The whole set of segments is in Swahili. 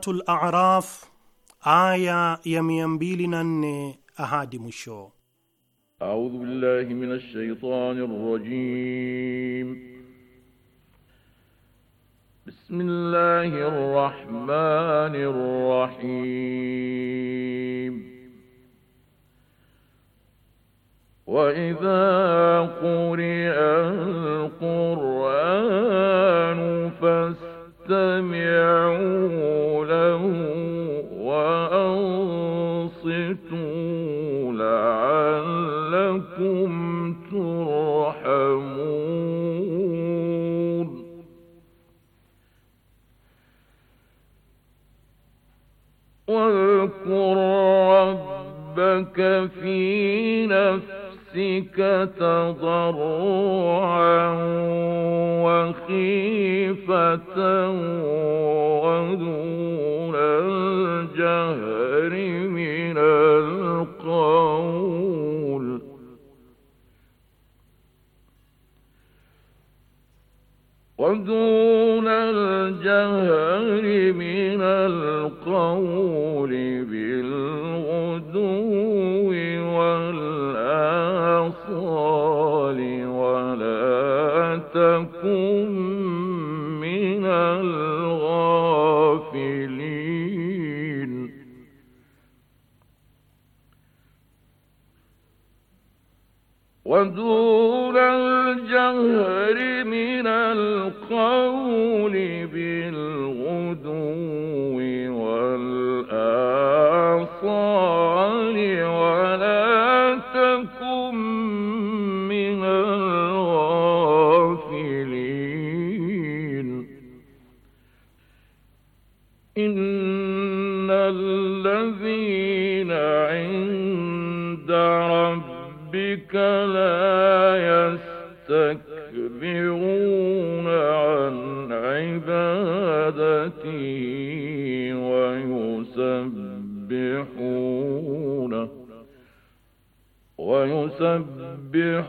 Suratul A'raf aya ya 204 ahadi mwisho. A'udhu billahi minash shaitani rrajim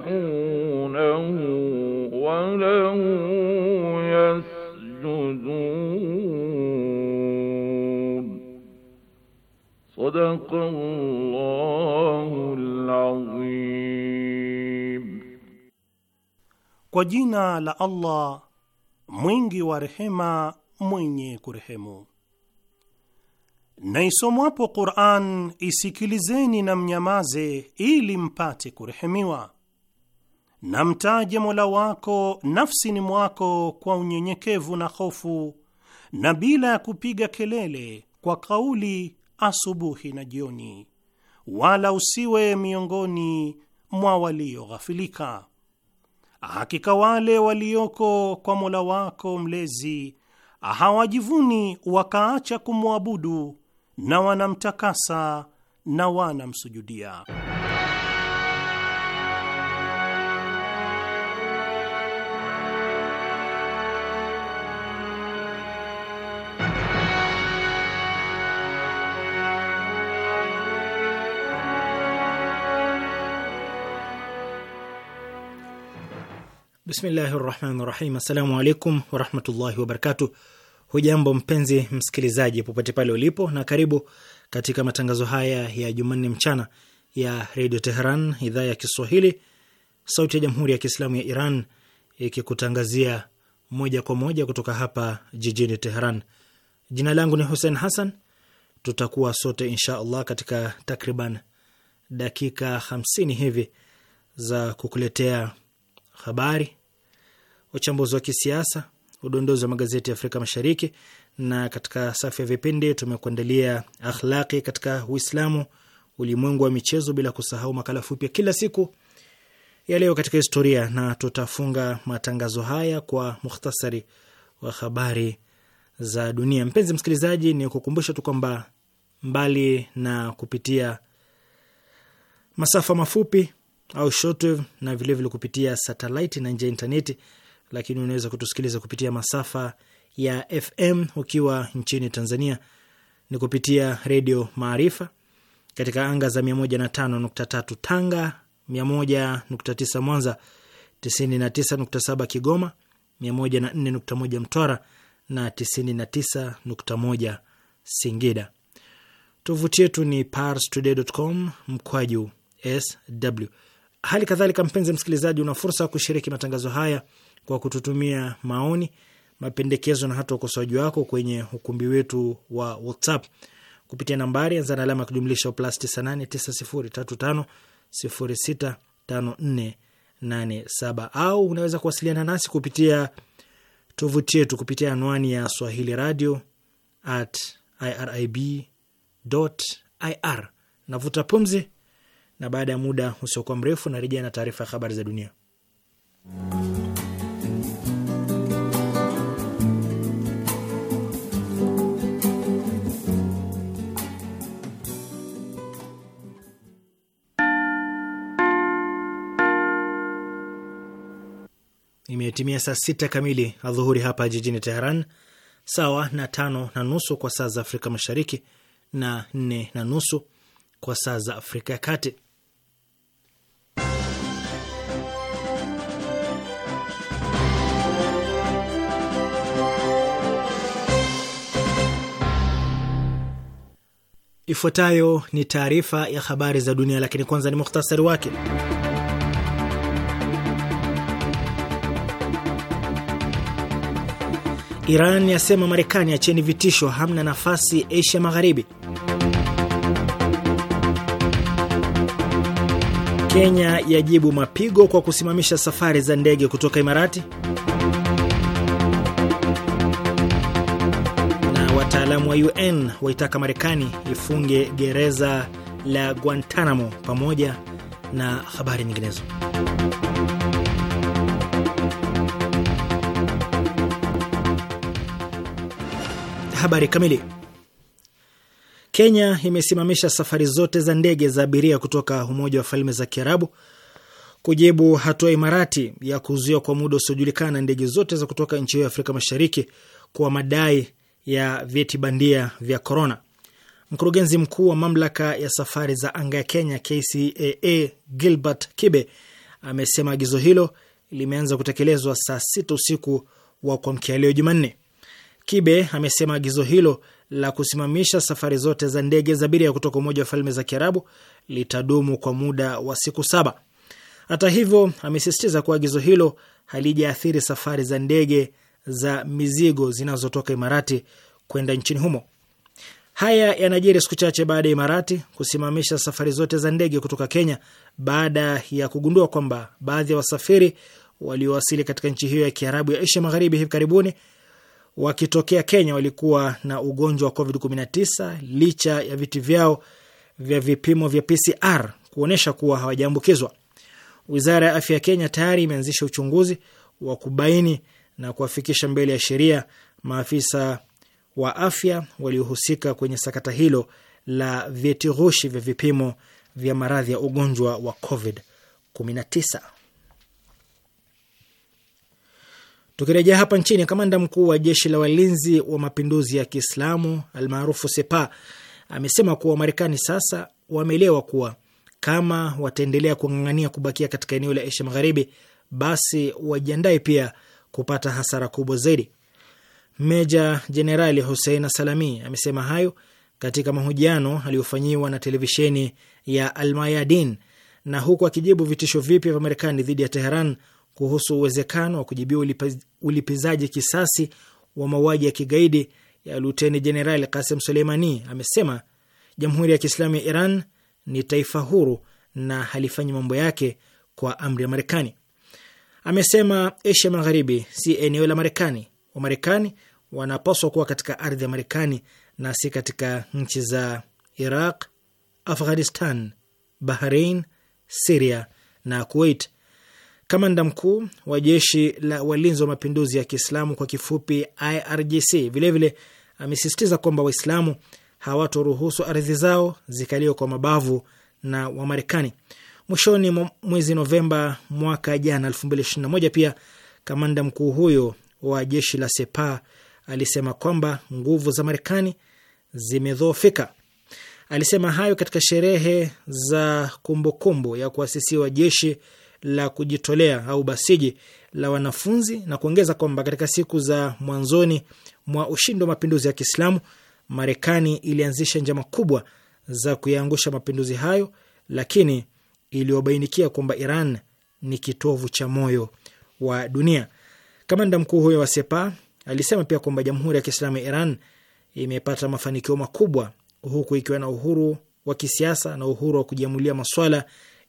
وله يسجدون صدق الله العظيم Kwa jina la Allah mwingi wa rehema mwenye kurehemu. Naisomwapo Qur'an isikilizeni na mnyamaze, ili mpate kurehemiwa na mtaje Mola wako nafsini mwako kwa unyenyekevu na hofu na bila ya kupiga kelele, kwa kauli asubuhi na jioni, wala usiwe miongoni mwa walioghafilika. Hakika wale walioko kwa Mola wako mlezi hawajivuni wakaacha kumwabudu, na wanamtakasa na wanamsujudia. Bismillahi rahmani rahim. Assalamu alaikum warahmatullahi wabarakatu. Hujambo mpenzi msikilizaji, popote pale ulipo, na karibu katika matangazo haya ya Jumanne mchana ya redio Teheran, idhaa ya Kiswahili, sauti ya jamhuri ya Kiislamu ya Iran, ikikutangazia moja kwa moja kutoka hapa jijini Teheran. Jina langu ni Hussein Hassan. Tutakuwa sote insha allah katika takriban dakika hamsini hivi za kukuletea habari uchambuzi wa kisiasa, udondozi wa magazeti ya Afrika Mashariki, na katika safu ya vipindi tumekuandalia akhlaqi katika Uislamu, ulimwengu wa michezo, bila kusahau makala fupi ya kila siku ya leo katika historia, na tutafunga matangazo haya kwa mukhtasari wa habari za dunia. Mpenzi msikilizaji, ni kukumbusha tu kwamba mbali na kupitia masafa mafupi au shortwave na vilevile vile kupitia satelaiti na nje ya intaneti lakini unaweza kutusikiliza kupitia masafa ya FM ukiwa nchini Tanzania ni kupitia Redio Maarifa katika anga za 105.3 Tanga, 101.9 Mwanza, 99.7 Kigoma, 104.1 Mtwara na 99.1 Singida. Tovuti yetu ni parstoday.com mkwaju sw. Hali kadhalika, mpenzi msikilizaji, una fursa ya kushiriki matangazo haya kwa kututumia maoni, mapendekezo na hata ukosoaji wako kwenye ukumbi wetu wa WhatsApp kupitia nambari anza na alama ya kujumlisha plus 989035065487 au unaweza kuwasiliana nasi kupitia tovuti yetu kupitia anwani ya Swahili radio at irib.ir. Navuta pumzi, na baada ya muda usiokuwa mrefu narejea na taarifa ya habari za dunia. Imetimia saa sita kamili adhuhuri hapa jijini Teheran, sawa na tano na nusu kwa saa za Afrika Mashariki na nne na nusu kwa saa za Afrika ya Kati. Ifuatayo ni taarifa ya habari za dunia, lakini kwanza ni muhtasari wake. Iran yasema Marekani acheni vitisho, hamna nafasi Asia Magharibi. Kenya yajibu mapigo kwa kusimamisha safari za ndege kutoka Imarati. Na wataalamu wa UN waitaka Marekani ifunge gereza la Guantanamo pamoja na habari nyinginezo. Habari kamili. Kenya imesimamisha safari zote za ndege za abiria kutoka Umoja wa Falme za Kiarabu kujibu hatua Imarati ya kuzuia kwa muda usiojulikana ndege zote za kutoka nchi hiyo ya Afrika Mashariki kwa madai ya vyeti bandia vya korona. Mkurugenzi mkuu wa mamlaka ya safari za anga ya Kenya KCAA Gilbert Kibe amesema agizo hilo limeanza kutekelezwa saa sita usiku wa kuamkia leo Jumanne. Kibe amesema agizo hilo la kusimamisha safari zote za ndege za abiria kutoka Umoja wa Falme za Kiarabu litadumu kwa muda wa siku saba. Hata hivyo, amesisitiza kuwa agizo hilo halijaathiri safari za ndege za mizigo zinazotoka Imarati kwenda nchini humo. Haya yanajiri siku chache baada ya Imarati kusimamisha safari zote za ndege kutoka Kenya baada ya kugundua kwamba baadhi ya wasafiri waliowasili katika nchi hiyo ya Kiarabu ya Asia Magharibi hivi karibuni wakitokea Kenya walikuwa na ugonjwa wa COVID-19 licha ya viti vyao vya vipimo vya PCR kuonyesha kuwa hawajaambukizwa. Wizara ya afya ya Kenya tayari imeanzisha uchunguzi wa kubaini na kuwafikisha mbele ya sheria maafisa wa afya waliohusika kwenye sakata hilo la vyeti ghushi vya vipimo vya maradhi ya ugonjwa wa COVID-19. Tukirejea hapa nchini, kamanda mkuu wa jeshi la walinzi wa mapinduzi ya Kiislamu almaarufu Sepa amesema kuwa Wamarekani sasa wameelewa kuwa kama wataendelea kung'ang'ania kubakia katika eneo la Asia Magharibi, basi wajiandae pia kupata hasara kubwa zaidi. Meja Jenerali Husein Salami amesema hayo katika mahojiano aliyofanyiwa na televisheni ya Almayadin na huku akijibu vitisho vipya vya Marekani dhidi ya Teheran kuhusu uwezekano wa kujibiwa ulipizaji kisasi wa mauaji ya kigaidi ya Luteni Jenerali Kasim Suleimani amesema Jamhuri ya Kiislamu ya Iran ni taifa huru na halifanyi mambo yake kwa amri ya Marekani. Amesema Asia Magharibi si eneo la Marekani. Wamarekani wanapaswa kuwa katika ardhi ya Marekani na si katika nchi za Iraq, Afghanistan, Bahrain, Siria na Kuwait. Kamanda mkuu wa jeshi la walinzi wa mapinduzi ya Kiislamu kwa kifupi IRGC vilevile amesisitiza kwamba Waislamu hawatoruhusu ardhi zao zikaliwe kwa mabavu na Wamarekani. Mwishoni mwezi Novemba mwaka jana 2021, pia kamanda mkuu huyo wa jeshi la Sepa alisema kwamba nguvu za Marekani zimedhoofika. Alisema hayo katika sherehe za kumbukumbu kumbu ya kuasisiwa jeshi la kujitolea au basiji la wanafunzi na kuongeza kwamba katika siku za mwanzoni mwa ushindi wa mapinduzi ya Kiislamu, Marekani ilianzisha njama kubwa za kuyaangusha mapinduzi hayo, lakini iliyobainikia kwamba Iran ni kitovu cha moyo wa dunia. Kamanda mkuu huyo wa Sepa alisema pia kwamba Jamhuri ya Kiislamu ya Iran imepata mafanikio makubwa huku ikiwa na uhuru wa kisiasa na uhuru wa kujiamulia maswala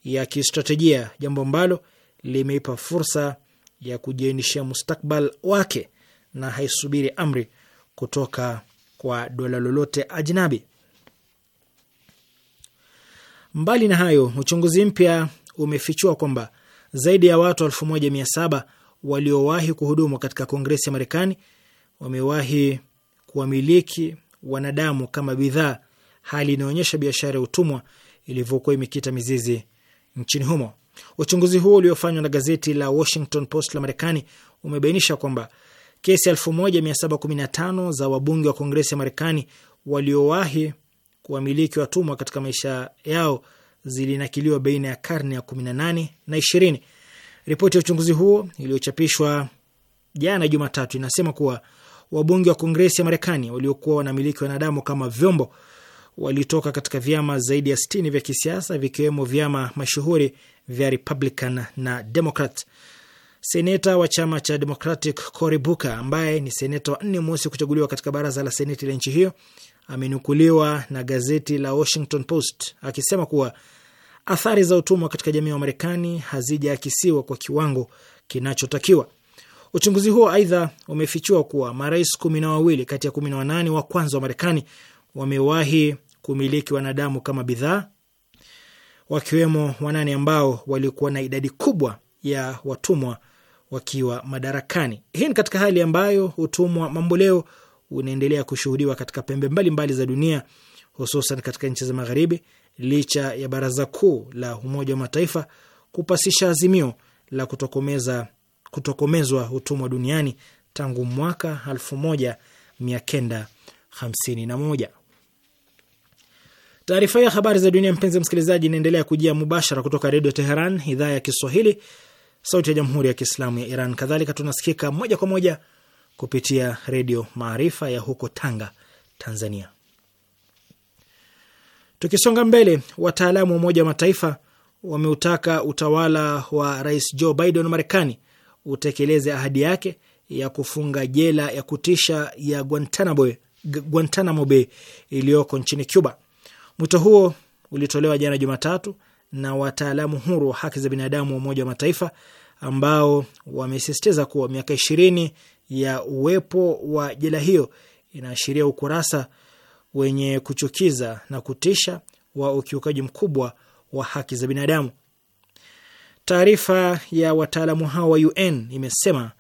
ya kistratejia, jambo ambalo limeipa fursa ya kujiainishia mustakbal wake na haisubiri amri kutoka kwa dola lolote ajnabi. Mbali na hayo, uchunguzi mpya umefichua kwamba zaidi ya watu saba waliowahi kuhudumu katika Kongresi ya Marekani wamewahi kuwamiliki wanadamu kama bidhaa, hali inaonyesha biashara ya utumwa ilivyokuwa imekita mizizi nchini humo. Uchunguzi huo uliofanywa na gazeti la Washington Post la Marekani umebainisha kwamba kesi 1715 za wabunge wa Kongresi ya Marekani waliowahi kuwamiliki watumwa katika maisha yao zilinakiliwa baina ya karne ya 18 na 20. Ripoti ya uchunguzi huo iliyochapishwa jana Jumatatu inasema kuwa wabunge wa Kongresi ya Marekani waliokuwa wanamiliki wanadamu kama vyombo walitoka katika vyama zaidi ya 60 vya kisiasa vikiwemo vyama mashuhuri vya Republican na Democrat. Seneta wa chama cha Democratic Cory Booker, ambaye ni seneta wa nne mweusi kuchaguliwa katika baraza la seneti la nchi hiyo, amenukuliwa na gazeti la Washington Post akisema kuwa athari za utumwa katika jamii ya Marekani hazijaakisiwa kwa kiwango kinachotakiwa. Uchunguzi huo aidha umefichua kuwa marais kumi na wawili kati ya kumi na wanane wa kwanza wa Marekani wamewahi kumiliki wanadamu kama bidhaa, wakiwemo wanane ambao walikuwa na idadi kubwa ya watumwa wakiwa madarakani. Hii ni katika hali ambayo utumwa mamboleo unaendelea kushuhudiwa katika pembe mbalimbali mbali za dunia, hususan katika nchi za Magharibi, licha ya Baraza Kuu la Umoja wa Mataifa kupasisha azimio la kutokomeza kutokomezwa utumwa duniani tangu mwaka 1951. Taarifa ya habari za dunia, mpenzi msikilizaji, inaendelea kujia mubashara kutoka Redio Teheran, idhaa ya Kiswahili, sauti ya Jamhuri ya Kiislamu ya Iran. Kadhalika tunasikika moja kwa moja kupitia Redio Maarifa ya huko Tanga, Tanzania. Tukisonga mbele, wataalamu wa Umoja wa Mataifa wameutaka utawala wa Rais Joe Biden wa Marekani utekeleze ahadi yake ya kufunga jela ya kutisha ya Guantanamo Bay iliyoko nchini Cuba. Mwito huo ulitolewa jana Jumatatu na wataalamu huru wa haki za binadamu wa Umoja wa Mataifa ambao wamesisitiza kuwa miaka ishirini ya uwepo wa jela hiyo inaashiria ukurasa wenye kuchukiza na kutisha wa ukiukaji mkubwa wa haki za binadamu. Taarifa ya wataalamu hao wa UN imesema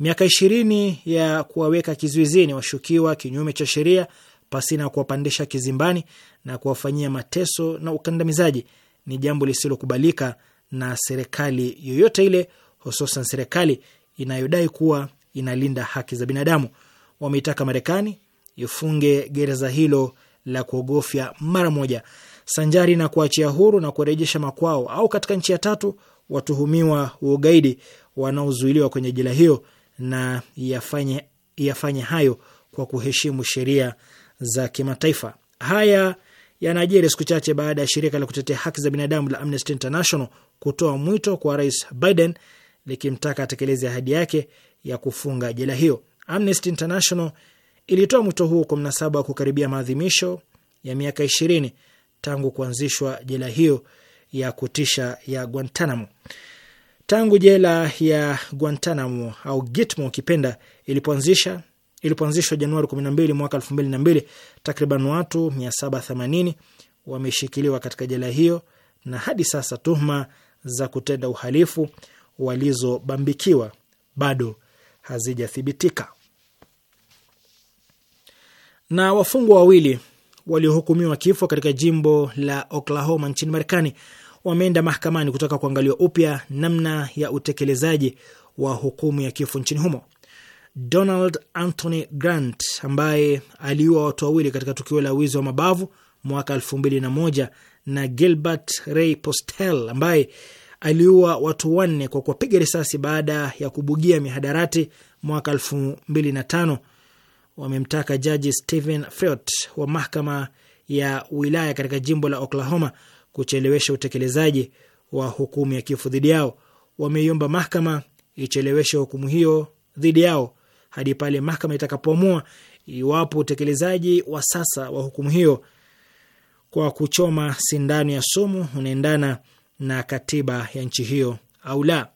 miaka ishirini ya kuwaweka kizuizini washukiwa kinyume cha sheria pasina kuwapandisha kizimbani na kuwafanyia mateso na ukandamizaji ni jambo lisilokubalika na serikali yoyote ile, hususan serikali inayodai kuwa inalinda haki za binadamu. Wameitaka Marekani ifunge gereza hilo la kuogofya mara moja, sanjari na kuachia huru na kurejesha makwao au katika nchi ya tatu watuhumiwa wa ugaidi wanaozuiliwa kwenye jela hiyo, na yafanye yafanye hayo kwa kuheshimu sheria za kimataifa. Haya yanajiri siku chache baada ya shirika la kutetea haki za binadamu la Amnesty International kutoa mwito kwa Rais Biden likimtaka atekeleze ahadi yake ya kufunga jela hiyo. Amnesty International ilitoa mwito huo kwa mnasaba wa kukaribia maadhimisho ya miaka ishirini tangu kuanzishwa jela hiyo ya kutisha ya Guantanamo. Tangu jela ya Guantanamo au Gitmo ukipenda ilipoanzisha ilipoanzishwa Januari 12 mwaka 2002, takriban watu 780 wameshikiliwa katika jela hiyo na hadi sasa tuhuma za kutenda uhalifu walizobambikiwa bado hazijathibitika. Na wafungwa wawili waliohukumiwa kifo katika jimbo la Oklahoma nchini Marekani wameenda mahakamani kutaka kuangaliwa upya namna ya utekelezaji wa hukumu ya kifo nchini humo. Donald Anthony Grant ambaye aliua watu wawili katika tukio la wizi wa mabavu mwaka elfu mbili na moja na Gilbert Ray Postel ambaye aliua watu wanne kwa kuwapiga risasi baada ya kubugia mihadarati mwaka elfu mbili na tano wamemtaka jaji Stephen Friot wa mahakama ya wilaya katika jimbo la Oklahoma kuchelewesha utekelezaji wa hukumu ya kifo dhidi yao. Wameiomba mahakama icheleweshe hukumu hiyo dhidi yao hadi pale mahakama itakapoamua iwapo utekelezaji wa sasa wa hukumu hiyo kwa kuchoma sindano ya sumu unaendana na katiba ya nchi hiyo au la.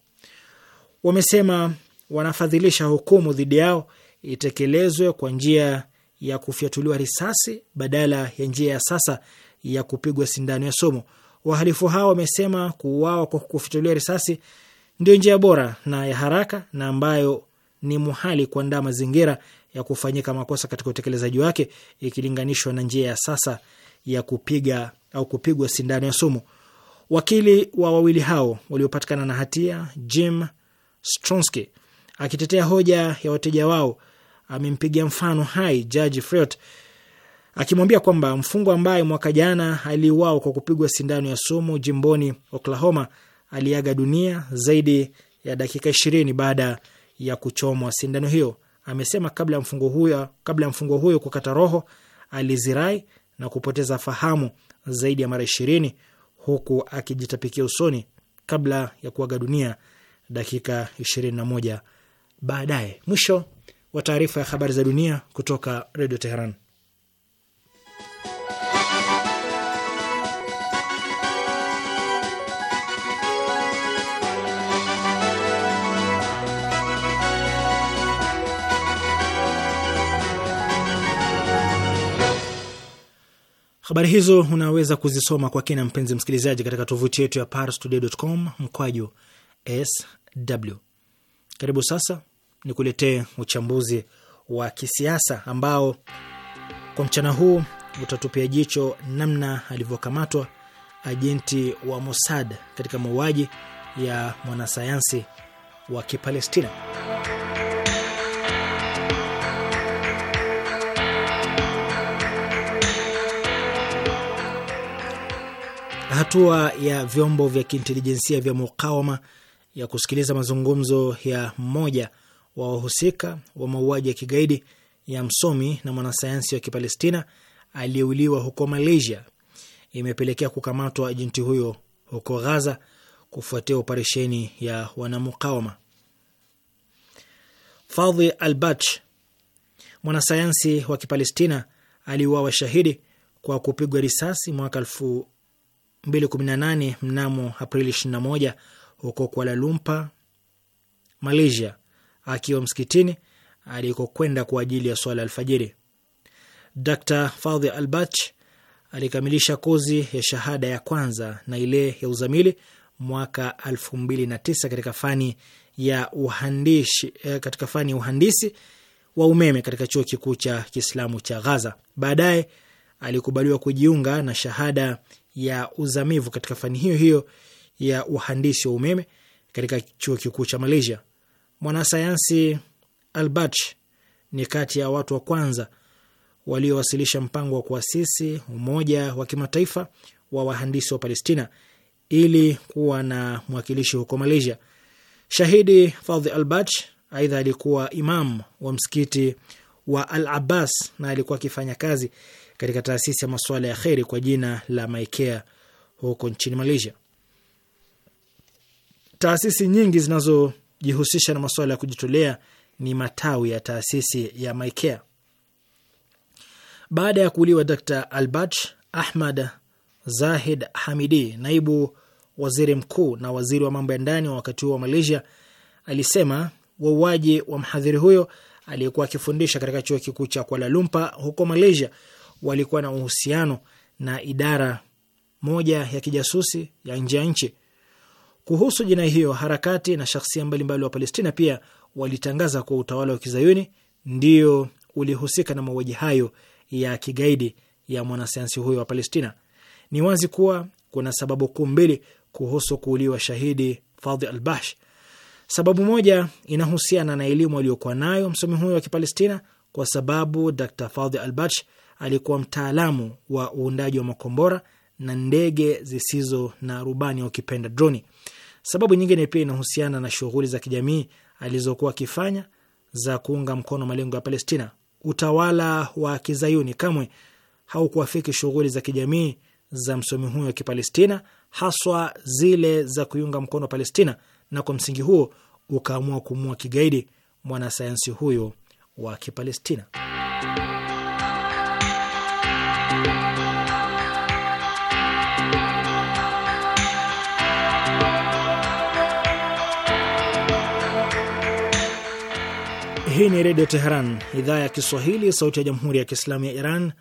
Wamesema wanafadhilisha hukumu dhidi yao itekelezwe kwa njia ya kufyatuliwa risasi badala ya njia ya sasa ya kupigwa sindano ya sumu. Wahalifu hao wamesema kuuawa kwa kufyatuliwa risasi ndio njia bora na ya haraka na ambayo ni muhali kuandaa mazingira ya kufanyika makosa katika utekelezaji wake ikilinganishwa na njia ya sasa ya kupiga au kupigwa sindano ya sumu. Wakili wa wawili hao waliopatikana na hatia Jim Stronski, akitetea hoja ya wateja wao amempiga mfano hai jaji Friot akimwambia kwamba mfungwa ambaye mwaka jana aliuawa kwa kupigwa sindano ya sumu jimboni Oklahoma aliaga dunia zaidi ya dakika ishirini baada ya ya kuchomwa sindano hiyo. Amesema kabla ya mfungo huyo, kabla ya mfungo huyo kukata roho alizirai na kupoteza fahamu zaidi ya mara ishirini huku akijitapikia usoni kabla ya kuaga dunia dakika ishirini na moja baadaye. Mwisho wa taarifa ya habari za dunia kutoka Redio Teheran. Habari hizo unaweza kuzisoma kwa kina, mpenzi msikilizaji, katika tovuti yetu ya parstoday.com mkwaju sw. Karibu sasa ni kuletee uchambuzi wa kisiasa ambao kwa mchana huu utatupia jicho namna alivyokamatwa ajenti wa Mossad katika mauaji ya mwanasayansi wa Kipalestina. Hatua ya vyombo vya kiintelijensia vya mukawama ya kusikiliza mazungumzo ya mmoja wa wahusika wa mauaji ya kigaidi ya msomi na mwanasayansi wa Kipalestina aliyeuliwa huko Malaysia imepelekea kukamatwa ajenti huyo huko Ghaza kufuatia operesheni ya wanamukawama. Fadhi Albach, mwanasayansi wa Kipalestina, aliuawa shahidi kwa kupigwa risasi mwaka elfu 218 mnamo Aprili 21 huko Kuala Lumpur, Malaysia, akiwa msikitini alikokwenda kwa ajili ya swala alfajiri. Dr Fadhi Albach alikamilisha kozi ya shahada ya kwanza na ile ya uzamili mwaka 2009 katika fani ya uhandisi, eh, katika fani ya uhandisi wa umeme katika chuo kikuu cha Kiislamu cha Ghaza. Baadaye alikubaliwa kujiunga na shahada ya uzamivu katika fani hiyo hiyo ya uhandisi wa umeme katika chuo kikuu cha Malaysia. Mwanasayansi Albach ni kati ya watu wa kwanza waliowasilisha mpango wa kuasisi umoja wa kimataifa wa wahandisi wa Palestina ili kuwa na mwakilishi huko Malaysia. Shahidi Fadhi Albach aidha alikuwa imam wa msikiti wa Al Abbas na alikuwa akifanya kazi katika taasisi ya masuala ya kheri kwa jina la Maikea huko nchini Malaysia. Taasisi nyingi zinazojihusisha na masuala ya kujitolea ni matawi ya taasisi ya Maikea. Baada ya kuuliwa Dr Albach, Ahmad Zahid Hamidi, naibu waziri mkuu na waziri wa mambo ya ndani wa wakati huo wa Malaysia, alisema wauaji wa mhadhiri huyo aliyekuwa akifundisha katika chuo kikuu cha Kuala Lumpur huko Malaysia walikuwa na uhusiano na idara moja ya kijasusi ya nje ya nchi. Kuhusu jinai hiyo, harakati na shahsia mbalimbali wa Palestina pia walitangaza kuwa utawala wa kizayuni ndio ulihusika na mauaji hayo ya kigaidi ya mwanasayansi huyo wa Palestina. Ni wazi kuwa kuna sababu kuu mbili kuhusu kuuliwa shahidi Fadhi Albash. Sababu moja inahusiana na elimu aliyokuwa nayo msomi huyo wa Kipalestina, kwa sababu Dr Fadhi Albash alikuwa mtaalamu wa uundaji wa makombora na ndege zisizo na rubani au kipenda droni. Sababu nyingine pia inahusiana na shughuli za kijamii alizokuwa akifanya za kuunga mkono malengo ya Palestina. Utawala wa kizayuni kamwe haukuafiki shughuli za kijamii za msomi huyo wa Kipalestina, haswa zile za kuiunga mkono Palestina, na kwa msingi huo ukaamua kumua kigaidi mwanasayansi huyo wa Kipalestina. Hii ni Redio Teheran, idhaa ya Kiswahili, sauti ya Jamhuri ya Kiislamu ya Iran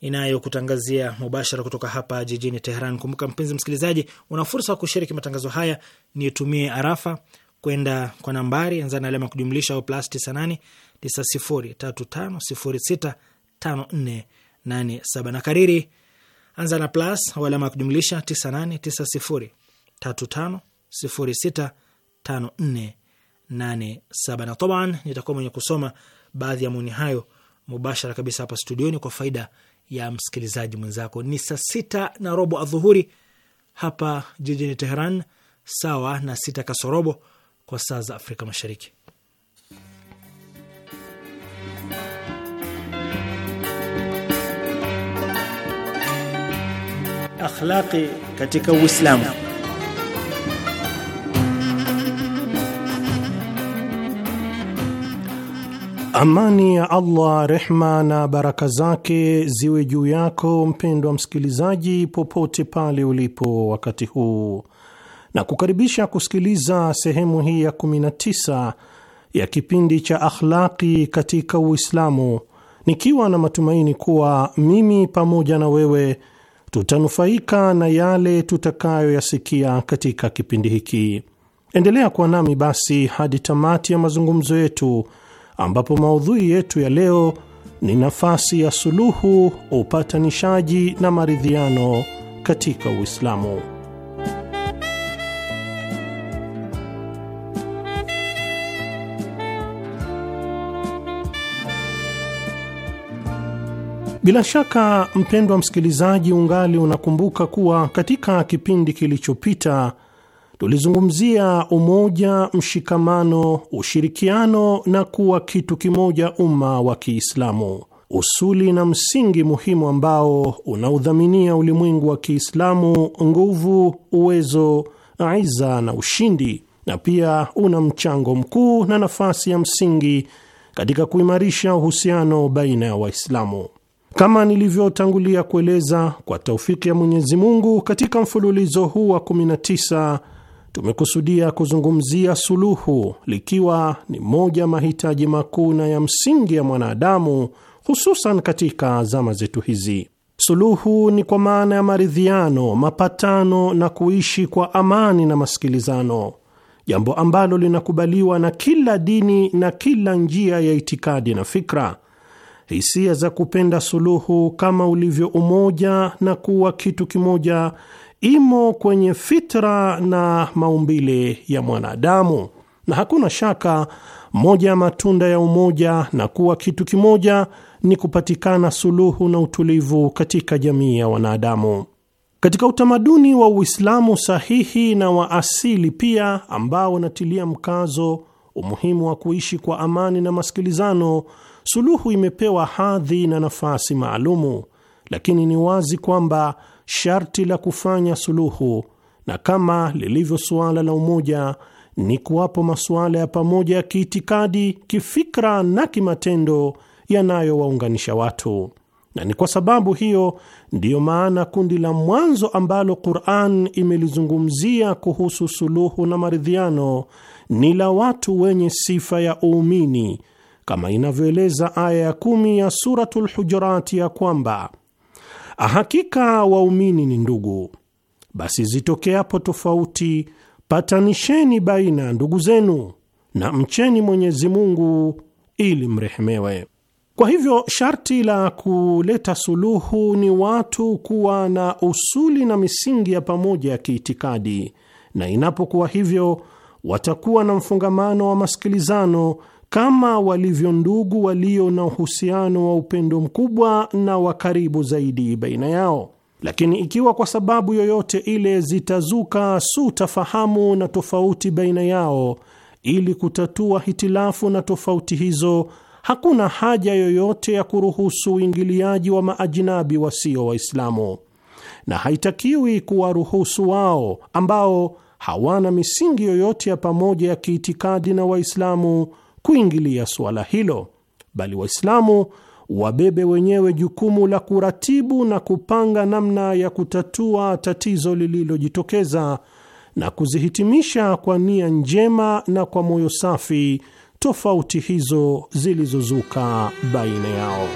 inayokutangazia mubashara kutoka hapa jijini Teheran. Kumbuka mpenzi msikilizaji, una fursa wa kushiriki matangazo haya, nitumie arafa kwenda kwa nambari, anza na alama ya kujumlisha au plas 989035065487 na kariri, anza na plas au alama ya kujumlisha 9890350654 87 na taban, nitakuwa mwenye kusoma baadhi ya maoni hayo mubashara kabisa hapa studioni kwa faida ya msikilizaji mwenzako. Ni saa sita na robo adhuhuri hapa jijini Teheran, sawa na sita kasorobo kwa saa za Afrika Mashariki. Akhlaqi katika Uislamu. Amani ya Allah, rehma na baraka zake ziwe juu yako mpendwa msikilizaji, popote pale ulipo wakati huu, na kukaribisha kusikiliza sehemu hii ya 19 ya kipindi cha Akhlaqi katika Uislamu, nikiwa na matumaini kuwa mimi pamoja na wewe tutanufaika na yale tutakayoyasikia katika kipindi hiki. Endelea kuwa nami basi hadi tamati ya mazungumzo yetu ambapo maudhui yetu ya leo ni nafasi ya suluhu, upatanishaji na maridhiano katika Uislamu. Bila shaka mpendwa msikilizaji, ungali unakumbuka kuwa katika kipindi kilichopita Tulizungumzia umoja, mshikamano, ushirikiano na kuwa kitu kimoja umma wa Kiislamu, usuli na msingi muhimu ambao unaudhaminia ulimwengu wa Kiislamu nguvu, uwezo, aiza na ushindi, na pia una mchango mkuu na nafasi ya msingi katika kuimarisha uhusiano baina ya Waislamu. Kama nilivyotangulia kueleza, kwa taufiki ya Mwenyezi Mungu, katika mfululizo huu wa 19 tumekusudia kuzungumzia suluhu, likiwa ni moja mahitaji makuu na ya msingi ya mwanadamu, hususan katika zama zetu hizi. Suluhu ni kwa maana ya maridhiano, mapatano na kuishi kwa amani na masikilizano, jambo ambalo linakubaliwa na kila dini na kila njia ya itikadi na fikra. Hisia za kupenda suluhu kama ulivyo umoja na kuwa kitu kimoja imo kwenye fitra na maumbile ya mwanadamu, na hakuna shaka moja ya matunda ya umoja na kuwa kitu kimoja ni kupatikana suluhu na utulivu katika jamii ya wanadamu. Katika utamaduni wa Uislamu sahihi na wa asili pia, ambao unatilia mkazo umuhimu wa kuishi kwa amani na masikilizano, suluhu imepewa hadhi na nafasi maalumu, lakini ni wazi kwamba sharti la kufanya suluhu, na kama lilivyo suala la umoja ni kuwapo masuala ya pamoja ya kiitikadi, kifikra na kimatendo yanayowaunganisha watu, na ni kwa sababu hiyo ndiyo maana kundi la mwanzo ambalo Qur'an imelizungumzia kuhusu suluhu na maridhiano ni la watu wenye sifa ya uumini, kama inavyoeleza aya ya kumi ya Suratul Hujurat ya kwamba Hakika waumini ni ndugu, basi zitokeapo tofauti patanisheni baina ya ndugu zenu na mcheni Mwenyezi Mungu ili mrehemewe. Kwa hivyo sharti la kuleta suluhu ni watu kuwa na usuli na misingi ya pamoja ya kiitikadi, na inapokuwa hivyo watakuwa na mfungamano wa masikilizano kama walivyo ndugu walio na uhusiano wa upendo mkubwa na wa karibu zaidi baina yao. Lakini ikiwa kwa sababu yoyote ile zitazuka su tafahamu na tofauti baina yao, ili kutatua hitilafu na tofauti hizo, hakuna haja yoyote ya kuruhusu uingiliaji wa maajinabi wasio Waislamu, na haitakiwi kuwaruhusu wao ambao hawana misingi yoyote ya pamoja ya kiitikadi na Waislamu kuingilia suala hilo, bali Waislamu wabebe wenyewe jukumu la kuratibu na kupanga namna ya kutatua tatizo lililojitokeza na kuzihitimisha kwa nia njema na kwa moyo safi tofauti hizo zilizozuka baina yao.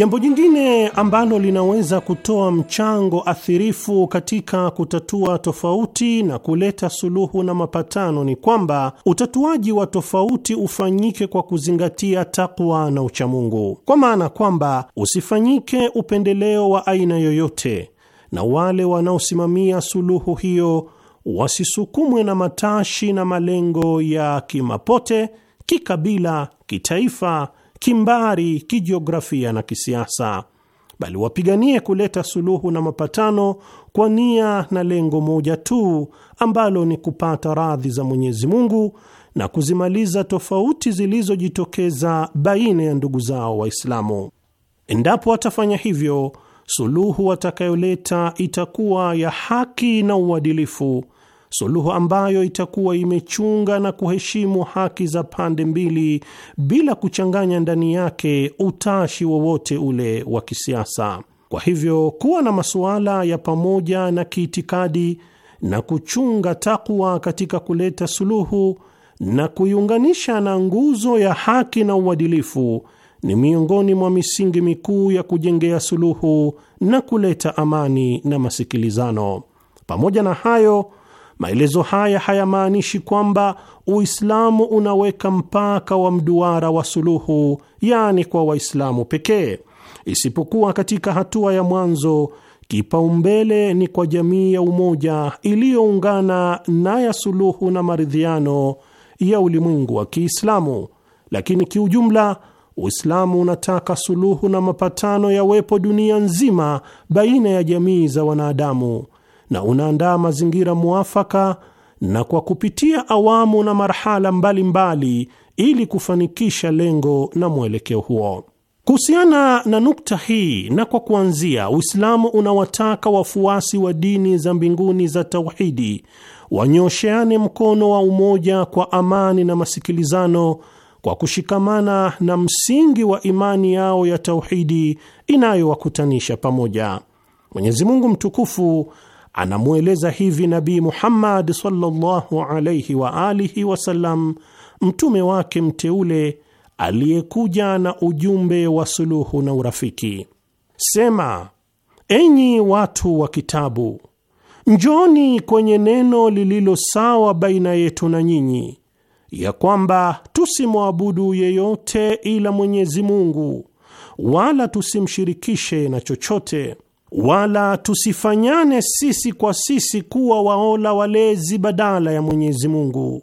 Jambo jingine ambalo linaweza kutoa mchango athirifu katika kutatua tofauti na kuleta suluhu na mapatano ni kwamba utatuaji wa tofauti ufanyike kwa kuzingatia takwa na uchamungu, kwa maana kwamba usifanyike upendeleo wa aina yoyote, na wale wanaosimamia suluhu hiyo wasisukumwe na matashi na malengo ya kimapote, kikabila, kitaifa kimbari, kijiografia na kisiasa, bali wapiganie kuleta suluhu na mapatano kwa nia na lengo moja tu ambalo ni kupata radhi za Mwenyezi Mungu na kuzimaliza tofauti zilizojitokeza baina ya ndugu zao Waislamu. Endapo watafanya hivyo, suluhu watakayoleta itakuwa ya haki na uadilifu suluhu ambayo itakuwa imechunga na kuheshimu haki za pande mbili bila kuchanganya ndani yake utashi wowote ule wa kisiasa. Kwa hivyo kuwa na masuala ya pamoja na kiitikadi na kuchunga takwa katika kuleta suluhu na kuiunganisha na nguzo ya haki na uadilifu ni miongoni mwa misingi mikuu ya kujengea suluhu na kuleta amani na masikilizano. Pamoja na hayo Maelezo haya hayamaanishi kwamba Uislamu unaweka mpaka wa mduara wa suluhu, yaani kwa Waislamu pekee, isipokuwa katika hatua ya mwanzo kipaumbele ni kwa jamii ya umoja iliyoungana na ya suluhu na maridhiano ya ulimwengu wa Kiislamu. Lakini kiujumla, Uislamu unataka suluhu na mapatano yawepo dunia nzima baina ya jamii za wanadamu na unaandaa mazingira muafaka na kwa kupitia awamu na marhala mbalimbali mbali, ili kufanikisha lengo na mwelekeo huo. Kuhusiana na nukta hii, na kwa kuanzia, Uislamu unawataka wafuasi wa dini za mbinguni za tauhidi wanyosheane mkono wa umoja kwa amani na masikilizano kwa kushikamana na msingi wa imani yao ya tauhidi inayowakutanisha pamoja. Mwenyezi Mungu mtukufu anamweleza hivi Nabii Muhammad sallallahu alayhi wa alihi wasallam, mtume wake mteule aliyekuja na ujumbe wa suluhu na urafiki: Sema, enyi watu wa Kitabu, njoni kwenye neno lililo sawa baina yetu na nyinyi, ya kwamba tusimwabudu yeyote ila Mwenyezi Mungu, wala tusimshirikishe na chochote wala tusifanyane sisi kwa sisi kuwa waola walezi badala ya Mwenyezi Mungu,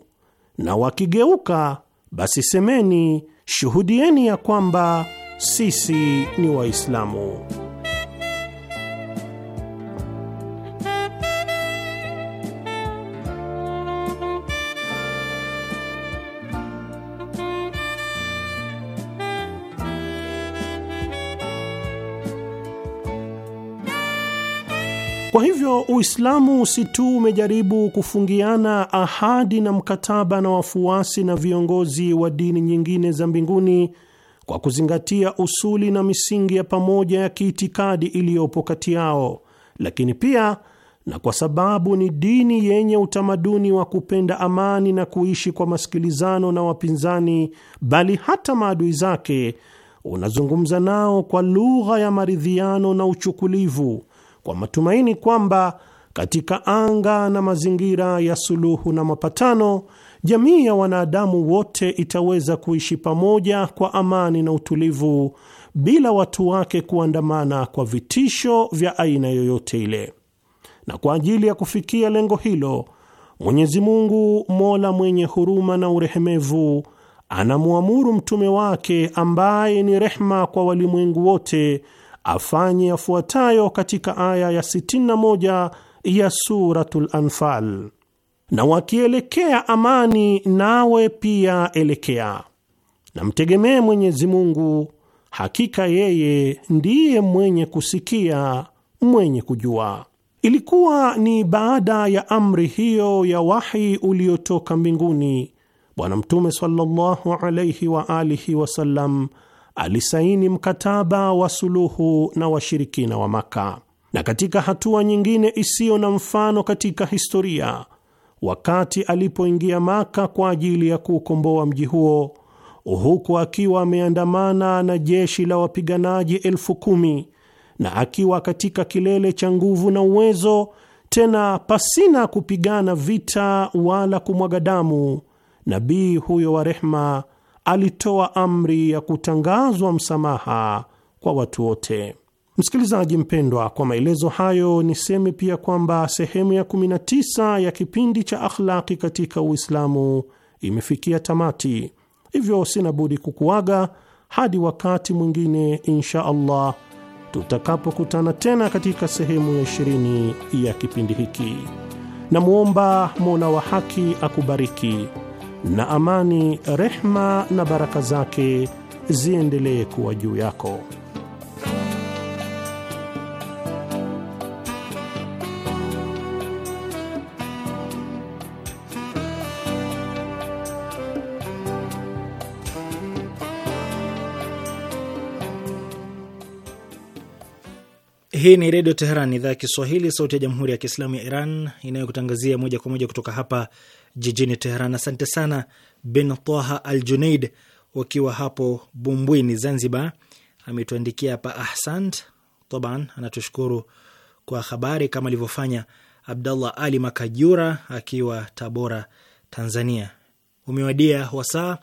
na wakigeuka basi semeni, shuhudieni ya kwamba sisi ni Waislamu. Kwa hivyo Uislamu si tu umejaribu kufungiana ahadi na mkataba na wafuasi na viongozi wa dini nyingine za mbinguni kwa kuzingatia usuli na misingi ya pamoja ya kiitikadi iliyopo kati yao, lakini pia na kwa sababu ni dini yenye utamaduni wa kupenda amani na kuishi kwa masikilizano na wapinzani, bali hata maadui zake, unazungumza nao kwa lugha ya maridhiano na uchukulivu kwa matumaini kwamba katika anga na mazingira ya suluhu na mapatano, jamii ya wanadamu wote itaweza kuishi pamoja kwa amani na utulivu bila watu wake kuandamana kwa vitisho vya aina yoyote ile. Na kwa ajili ya kufikia lengo hilo, Mwenyezi Mungu Mola mwenye huruma na urehemevu anamwamuru mtume wake ambaye ni rehma kwa walimwengu wote afanye yafuatayo katika aya ya 61 ya Suratul Anfal: na wakielekea amani, nawe pia elekea, na mtegemee Mwenyezi Mungu, hakika yeye ndiye mwenye kusikia, mwenye kujua. Ilikuwa ni baada ya amri hiyo ya wahi uliotoka mbinguni, Bwana Mtume sallallahu alayhi wa alihi wasallam alisaini mkataba wa suluhu na washirikina wa Maka. Na katika hatua nyingine isiyo na mfano katika historia, wakati alipoingia Maka kwa ajili ya kuukomboa mji huo, huku akiwa ameandamana na jeshi la wapiganaji elfu kumi na akiwa katika kilele cha nguvu na uwezo, tena pasina kupigana vita wala kumwaga damu, nabii huyo wa rehma alitoa amri ya kutangazwa msamaha kwa watu wote. Msikilizaji mpendwa, kwa maelezo hayo niseme pia kwamba sehemu ya 19 ya kipindi cha akhlaki katika Uislamu imefikia tamati, hivyo sina budi kukuaga hadi wakati mwingine insha Allah tutakapokutana tena katika sehemu ya 20 ya kipindi hiki. Namwomba Mola wa haki akubariki na amani, rehma na baraka zake ziendelee kuwa juu yako. Hii ni Redio Teheran, idhaa ya Kiswahili, sauti ya Jamhuri ya Kiislamu ya Iran, inayokutangazia moja kwa moja kutoka hapa jijini Teheran. Asante sana bin Taha al Junaid wakiwa hapo Bumbwini, Zanzibar. Ametuandikia hapa ahsant taban, anatushukuru kwa habari kama alivyofanya Abdallah Ali Makajura akiwa Tabora, Tanzania. Umewadia wasaa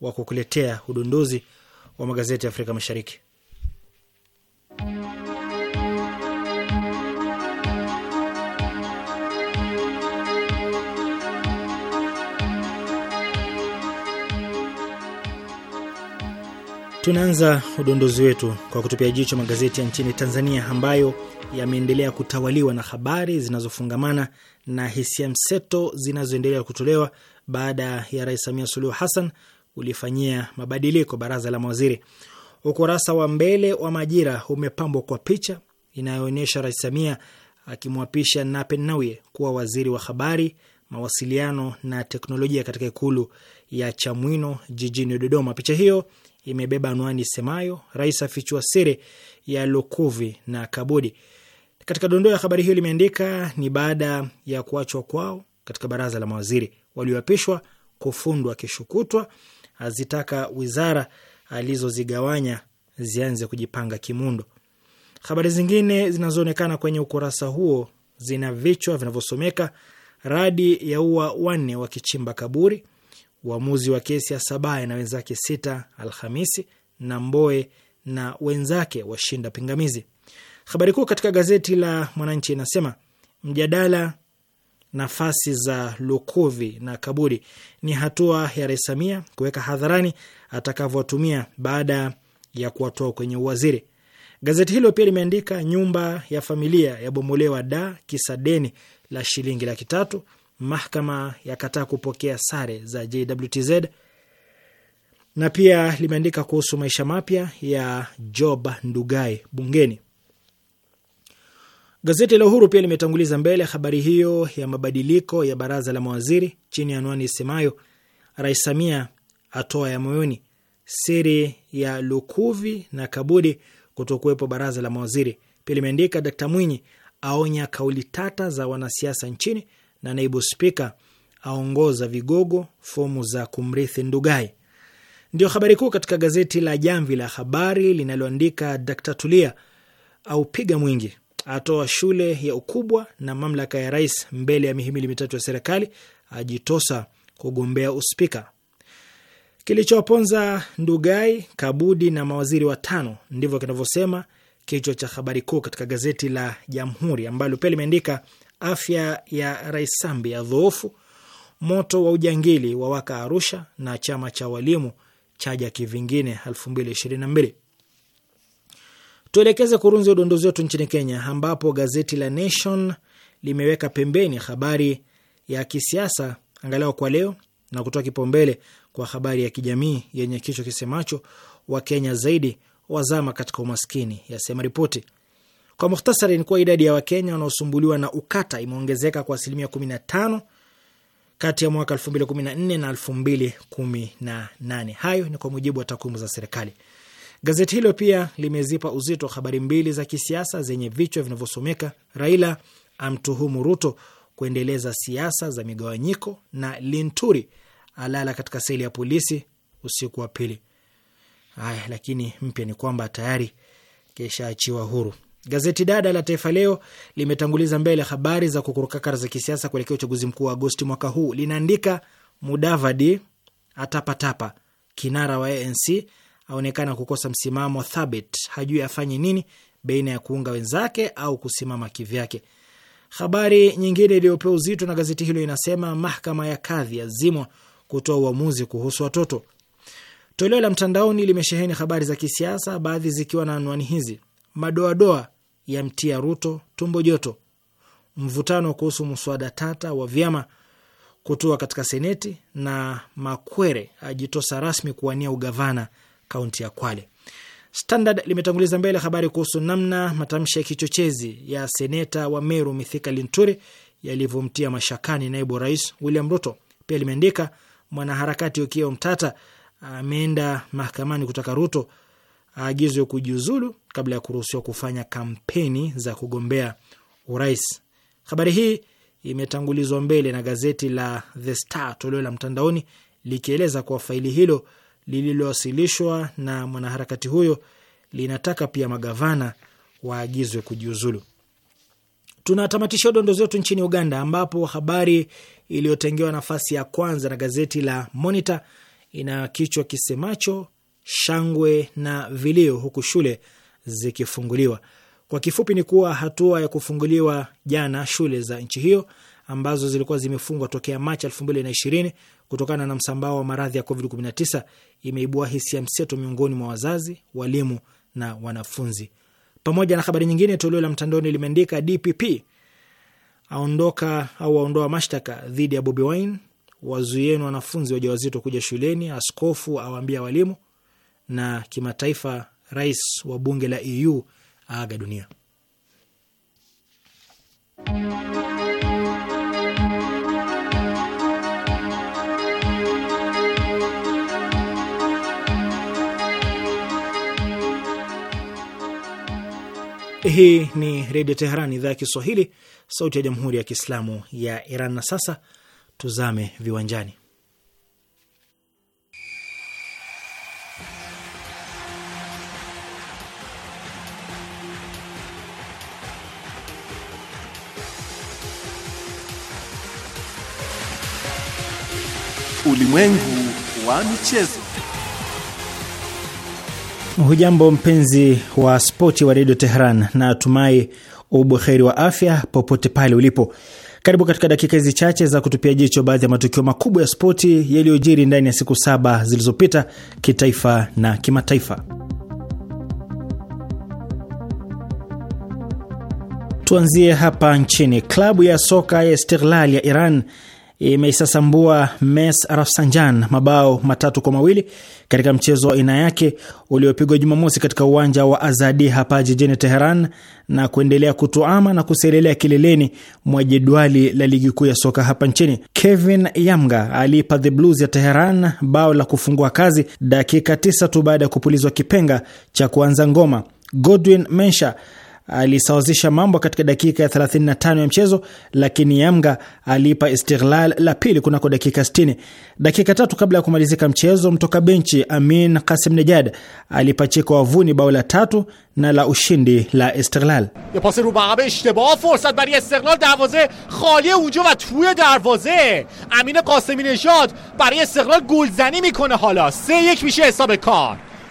wa kukuletea udondozi wa magazeti ya Afrika Mashariki. Tunaanza udondozi wetu kwa kutupia jicho magazeti ya nchini Tanzania ambayo yameendelea kutawaliwa na habari zinazofungamana na hisia mseto zinazoendelea kutolewa baada ya Rais Samia Suluhu Hassan kulifanyia mabadiliko baraza la mawaziri. Ukurasa wa mbele wa Majira umepambwa kwa picha inayoonyesha Rais Samia akimwapisha Nape Nnauye kuwa waziri wa habari, mawasiliano na teknolojia katika Ikulu ya Chamwino jijini Dodoma. Picha hiyo imebeba anwani semayo rais afichua siri ya Lukuvi na Kabudi. Katika dondoo ya habari hiyo limeandika ni baada ya kuachwa kwao katika baraza la mawaziri walioapishwa kufundwa kishukutwa, azitaka wizara alizozigawanya zianze kujipanga kimundo. Habari zingine zinazoonekana kwenye ukurasa huo zina vichwa vinavyosomeka radi ya ua wanne wakichimba kaburi, uamuzi wa kesi ya Sabae na wenzake sita Alhamisi na Mboe na wenzake washinda pingamizi. Habari kuu katika gazeti la Mwananchi inasema mjadala nafasi za Lukuvi na Kabudi ni hatua ya Rais Samia kuweka hadharani atakavyotumia baada ya kuwatoa kwenye uwaziri. Gazeti hilo pia limeandika nyumba ya familia yabomolewa da kisa deni la shilingi laki tatu mahakama yakataa kupokea sare za JWTZ na pia limeandika kuhusu maisha mapya ya Job Ndugai bungeni. Gazeti la Uhuru pia limetanguliza mbele habari hiyo ya mabadiliko ya baraza la mawaziri chini ya anwani isemayo Rais Samia atoa ya moyoni, siri ya Lukuvi na Kabudi kutokuwepo baraza la mawaziri. Pia limeandika Dkt Mwinyi aonya kauli tata za wanasiasa nchini na naibu spika aongoza vigogo fomu za kumrithi Ndugai. Ndio habari kuu katika gazeti la Jamvi la Habari linaloandika Dkt Tulia au piga mwingi atoa shule ya ukubwa na mamlaka ya rais mbele ya mihimili mitatu ya serikali, ajitosa kugombea uspika. Kilichoponza Ndugai, Kabudi na mawaziri watano, ndivyo kinavyosema kichwa cha habari kuu katika gazeti la Jamhuri ambalo pia limeandika afya ya Rais Sambi ya dhoofu, moto wa ujangili wa waka Arusha, na chama cha walimu chaja kivingine 2022. Tuelekeze kurunzi udondozi wetu nchini Kenya, ambapo gazeti la Nation limeweka pembeni habari ya kisiasa angalau kwa leo na kutoa kipaumbele kwa habari ya kijamii yenye kichwa kisemacho Wakenya zaidi wazama katika umaskini, yasema ripoti. Kwa muhtasari, ni kuwa idadi ya Wakenya wanaosumbuliwa na ukata imeongezeka kwa asilimia 15 kati ya mwaka 2014 na 2018. Hayo ni kwa mujibu wa takwimu za serikali. Gazeti hilo pia limezipa uzito habari mbili za kisiasa zenye vichwa vinavyosomeka Raila amtuhumu Ruto kuendeleza siasa za migawanyiko na Linturi alala katika seli ya polisi usiku wa pili. Aya, lakini mpya ni kwamba tayari kesha achiwa huru. Gazeti dada la Taifa Leo limetanguliza mbele habari za kukurukakara za kisiasa kuelekea uchaguzi mkuu wa Agosti mwaka huu. Linaandika Mudavadi atapatapa, kinara wa ANC aonekana kukosa msimamo thabit, hajui afanye nini baina ya kuunga wenzake au kusimama kivyake. Habari nyingine iliyopewa uzito na gazeti hilo inasema mahakama ya kadhi yazimwa kutoa uamuzi kuhusu watoto. Toleo la mtandaoni limesheheni habari za kisiasa, baadhi zikiwa na anwani hizi: madoadoa ya mtia Ruto tumbo joto. Mvutano kuhusu mswada tata wa vyama kutua katika Seneti na Makwere ajitosa rasmi kuwania ugavana kaunti ya Kwale. Standard limetanguliza mbele habari kuhusu namna matamshi ya kichochezi ya seneta wa Meru Mithika Linturi yalivyomtia mashakani naibu rais William Ruto. Pia limeandika mwanaharakati Ukio Mtata ameenda mahakamani kutaka Ruto aagizwe kujiuzulu kabla ya kuruhusiwa kufanya kampeni za kugombea urais. Habari hii imetangulizwa mbele na gazeti la The Star toleo la mtandaoni likieleza kuwa faili hilo lililowasilishwa na mwanaharakati huyo linataka pia magavana waagizwe kujiuzulu. Tunatamatisha dondo zetu nchini Uganda, ambapo habari iliyotengewa nafasi ya kwanza na gazeti la Monitor ina kichwa kisemacho shangwe na vilio, huku shule zikifunguliwa. Kwa kifupi ni kuwa hatua ya kufunguliwa jana shule za nchi hiyo ambazo zilikuwa zimefungwa tokea Machi elfu mbili na ishirini kutokana na msambao wa maradhi ya COVID-19 imeibua hisia mseto miongoni mwa wazazi, walimu na wanafunzi. Pamoja na habari nyingine, toleo la mtandaoni limeandika DPP aondoka au aondoa mashtaka dhidi ya Bobi Wine, wazuieni wanafunzi wajawazito kuja shuleni, askofu awaambia walimu na kimataifa, rais wa bunge la EU aaga dunia. Hii ni Redio Teheran, idhaa ya Kiswahili, sauti ya Jamhuri ya Kiislamu ya Iran. Na sasa tuzame viwanjani. ulimwengu wa michezo. Hujambo mpenzi wa spoti wa redio Tehran, na atumai ubuheri wa afya popote pale ulipo. Karibu katika dakika hizi chache za kutupia jicho baadhi ya matukio makubwa ya spoti yaliyojiri ndani ya siku saba zilizopita kitaifa na kimataifa. Tuanzie hapa nchini. Klabu ya soka ya Istiklal ya Iran imeisasambua Mes Rafsanjan mabao matatu kwa mawili katika mchezo wa aina yake uliopigwa Jumamosi katika uwanja wa Azadi hapa jijini Teheran na kuendelea kutuama na kuselelea kileleni mwa jedwali la ligi kuu ya soka hapa nchini. Kevin Yamga aliipa The Blues ya Teheran bao la kufungua kazi dakika tisa tu baada ya kupulizwa kipenga cha kuanza ngoma. Godwin Mensha علی سازی شما مباکت که دکیقه 30 نتانویم چیزو لکن یمگه علی پا استغلال لپیلی کنه که دکیقه استینی دکیقه تا تو که امین قاسم نجد علی پا چی که تتو نیباوله تا تو نلاوشیندی لاستغلال یه پاس روبعه اشتباه فرصت برای استقلال دروازه خالی اوجو و توی دروازه امین قاسمی نجاد برای استقلال گلزنی میکنه حالا سه یک می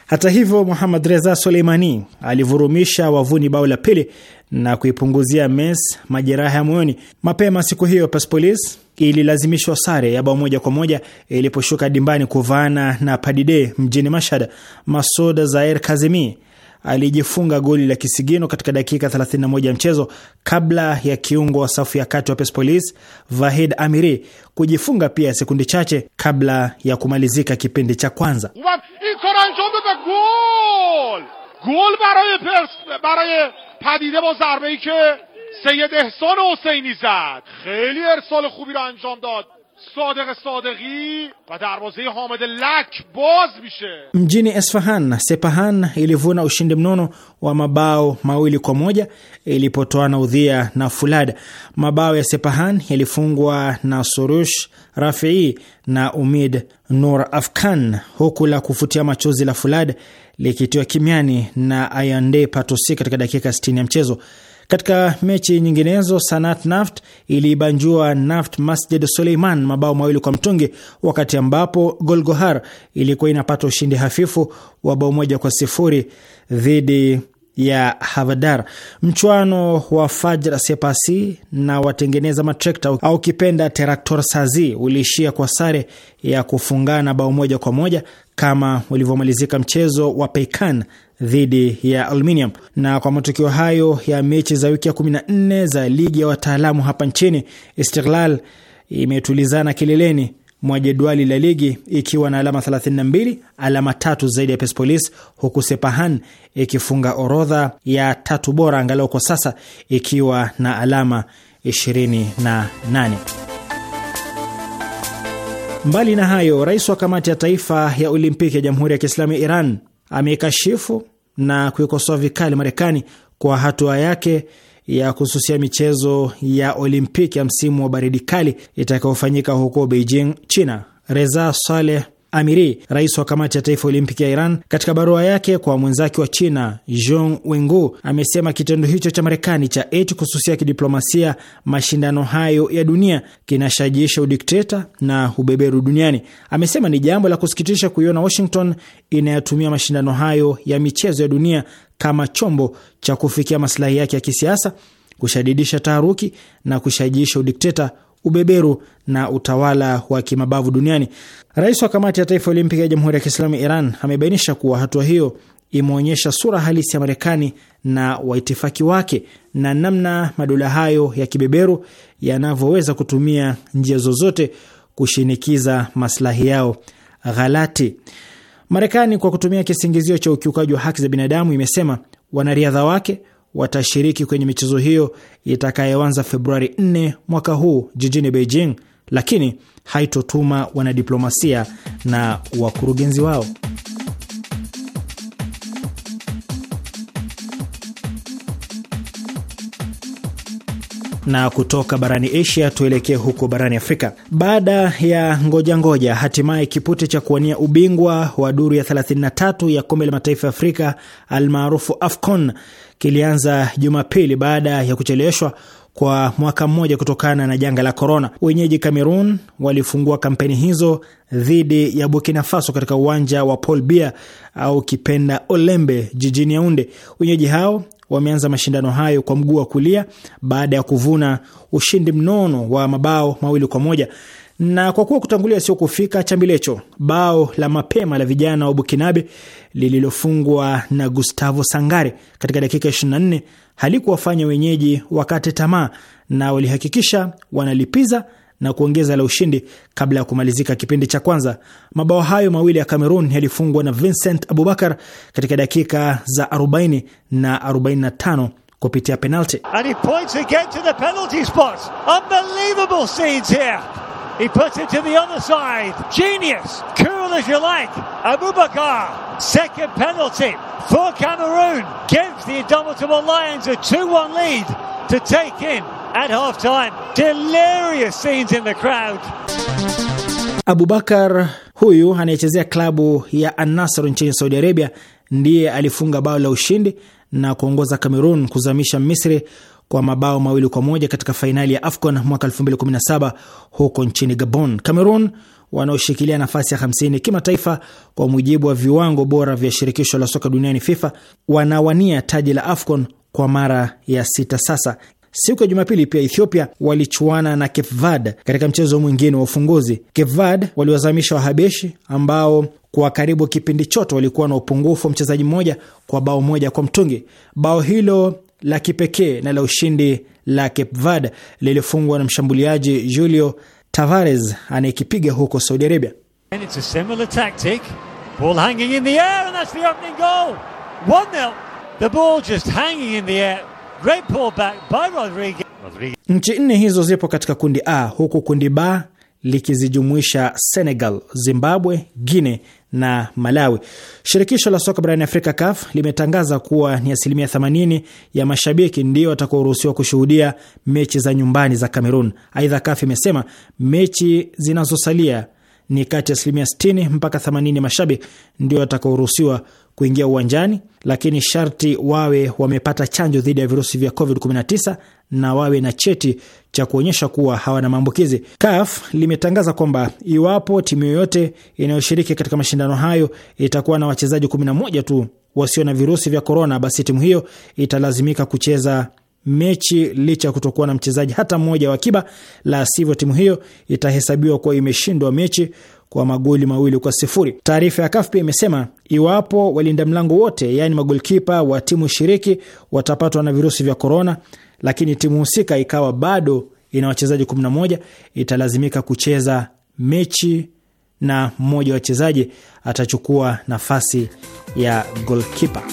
Hata hivyo, muhamad Reza Soleimani alivurumisha wavuni bao la pili na kuipunguzia Mes majeraha ya moyoni. Mapema siku hiyo, Persepolis ililazimishwa sare ya bao moja kwa moja iliposhuka dimbani kuvaana na Padide mjini Mashhad. Masoda Zair Kazemi alijifunga goli la kisigino katika dakika 31 ya mchezo kabla ya kiungo wa safu ya kati wa Persepolis Vahid Amiri kujifunga pia sekundi chache kabla ya kumalizika kipindi cha kwanza. What? انجام داد گل گل برای پرس برای پدیده با ضربه ای که سید احسان حسینی زد خیلی ارسال خوبی رو انجام داد صادق صادقی و دروازه حامد لک باز میشه مجینی اسفهان، سپهان، ایلیونا، و منونو و مباو ماویلی kwa ilipotoana udhia na Fulad. Mabao ya Sepahan yalifungwa na Surush Rafii na Umid Nur Afkan, huku la kufutia machozi la Fulad likitiwa kimiani na Ayande Patosi katika dakika 60 ya mchezo. Katika mechi nyinginezo, Sanat Naft iliibanjua Naft Masjid Suleiman mabao mawili kwa mtungi, wakati ambapo Golgohar ilikuwa inapata ushindi hafifu wa bao moja kwa sifuri dhidi ya Havadar. Mchwano wa Fajra Sepasi na watengeneza matrekta au kipenda Teraktor Sazi uliishia kwa sare ya kufungana bao moja kwa moja kama ulivyomalizika mchezo wa Peikan dhidi ya Aluminium. Na kwa matukio hayo ya mechi za wiki ya 14 za ligi ya wataalamu hapa nchini, Istiklal imetulizana kileleni mwa jedwali la ligi ikiwa na alama 32, alama tatu zaidi ya Persepolis, huku Sepahan ikifunga orodha ya tatu bora angalau kwa sasa ikiwa na alama 28. Mbali na hayo, rais wa kamati ya taifa ya Olimpiki ya Jamhuri ya Kiislamu ya Iran ameikashifu na kuikosoa vikali Marekani kwa hatua yake ya kususia michezo ya Olimpiki ya msimu wa baridi kali itakayofanyika huko Beijing, China. Reza Saleh Amiri, rais wa kamati ya taifa olimpiki ya Iran, katika barua yake kwa mwenzake wa China Zhong Wengu, amesema kitendo hicho cha Marekani cha eti kususia kidiplomasia mashindano hayo ya dunia kinashajiisha udikteta na ubeberu duniani. Amesema ni jambo la kusikitisha kuiona Washington inayatumia mashindano hayo ya michezo ya dunia kama chombo cha kufikia masilahi yake ya kisiasa, kushadidisha taharuki na kushajiisha udikteta ubeberu na utawala wa kimabavu duniani. Rais wa kamati ya taifa olimpiki ya Jamhuri ya Kiislamu Iran amebainisha kuwa hatua hiyo imeonyesha sura halisi ya Marekani na waitifaki wake na namna madola hayo ya kibeberu yanavyoweza kutumia njia zozote kushinikiza maslahi yao ghalati. Marekani kwa kutumia kisingizio cha ukiukaji wa haki za binadamu imesema wanariadha wake watashiriki kwenye michezo hiyo itakayoanza Februari 4 mwaka huu jijini Beijing, lakini haitotuma wanadiplomasia na wakurugenzi wao. na kutoka barani Asia tuelekee huko barani Afrika. Baada ya ngoja ngoja, hatimaye kipute cha kuwania ubingwa wa duru ya 33 ya kombe la mataifa ya Afrika almaarufu AFCON kilianza Jumapili baada ya kucheleweshwa kwa mwaka mmoja kutokana na janga la korona. Wenyeji Cameroon walifungua kampeni hizo dhidi ya Burkina Faso katika uwanja wa Paul Biya au kipenda Olembe jijini Yaunde. Wenyeji hao wameanza mashindano hayo kwa mguu wa kulia baada ya kuvuna ushindi mnono wa mabao mawili kwa moja na kwa kuwa kutangulia sio kufika, chambilecho bao la mapema la vijana wa Bukinabe lililofungwa na Gustavo Sangare katika dakika 24 halikuwafanya wenyeji wakate tamaa, na walihakikisha wanalipiza na kuongeza la ushindi kabla ya kumalizika kipindi cha kwanza. Mabao hayo mawili ya Cameroon yalifungwa na Vincent Abubakar katika dakika za 40 na 45 kupitia penalti. And he points again to the penalty spot. Unbelievable scenes here. He puts it to the other side. Genius. Cool as you like. Abubakar. Second penalty for Cameroon. Gives the Indomitable Lions a 2-1 lead to take in at half-time. Delirious scenes in the crowd. Abubakar huyu anayechezea klabu ya Anasar nchini Saudi Arabia ndiye alifunga bao la ushindi na kuongoza Cameroon kuzamisha Misri kwa mabao mawili kwa moja katika fainali ya AFCON mwaka 2017 huko nchini Gabon. Cameroon wanaoshikilia nafasi ya 50 kimataifa kwa mujibu wa viwango bora vya shirikisho la soka duniani FIFA wanawania taji la AFCON kwa mara ya sita sasa. Siku ya Jumapili pia Ethiopia walichuana na Cape Verde katika mchezo mwingine wa ufunguzi. Cape Verde waliwazamisha Wahabeshi ambao kwa karibu kipindi chote walikuwa na upungufu wa mchezaji mmoja kwa bao moja kwa mtungi. Bao hilo la kipekee na la ushindi la Cape Verde lilifungwa na mshambuliaji Julio Tavares anayekipiga huko Saudi Arabia. And it's a similar tactic. Ball hanging in the air and that's the opening goal. 1-0. The ball just hanging in the air. Great by Rodriguez. Nchi nne hizo zipo katika kundi A huku kundi B likizijumuisha Senegal, Zimbabwe, Guine na Malawi. Shirikisho la soka barani Afrika, CAF, limetangaza kuwa ni asilimia 80 ya mashabiki ndio watakaoruhusiwa kushuhudia mechi za nyumbani za Cameroon. Aidha, CAF imesema mechi zinazosalia ni kati ya asilimia 60 mpaka 80 mashabi ndio watakaoruhusiwa kuingia uwanjani, lakini sharti wawe wamepata chanjo dhidi ya virusi vya COVID-19 na wawe na cheti cha kuonyesha kuwa hawana maambukizi. CAF limetangaza kwamba iwapo timu yoyote inayoshiriki katika mashindano hayo itakuwa na wachezaji 11 tu wasio na virusi vya korona, basi timu hiyo italazimika kucheza mechi licha ya kutokuwa na mchezaji hata mmoja wa akiba, la sivyo timu hiyo itahesabiwa kuwa imeshindwa mechi kwa magoli mawili kwa sifuri. Taarifa ya CAF pia imesema iwapo walinda mlango wote, yaani magolkipa wa timu shiriki, watapatwa na virusi vya korona, lakini timu husika ikawa bado ina wachezaji 11 italazimika kucheza mechi na mmoja wa wachezaji atachukua nafasi ya golkipa.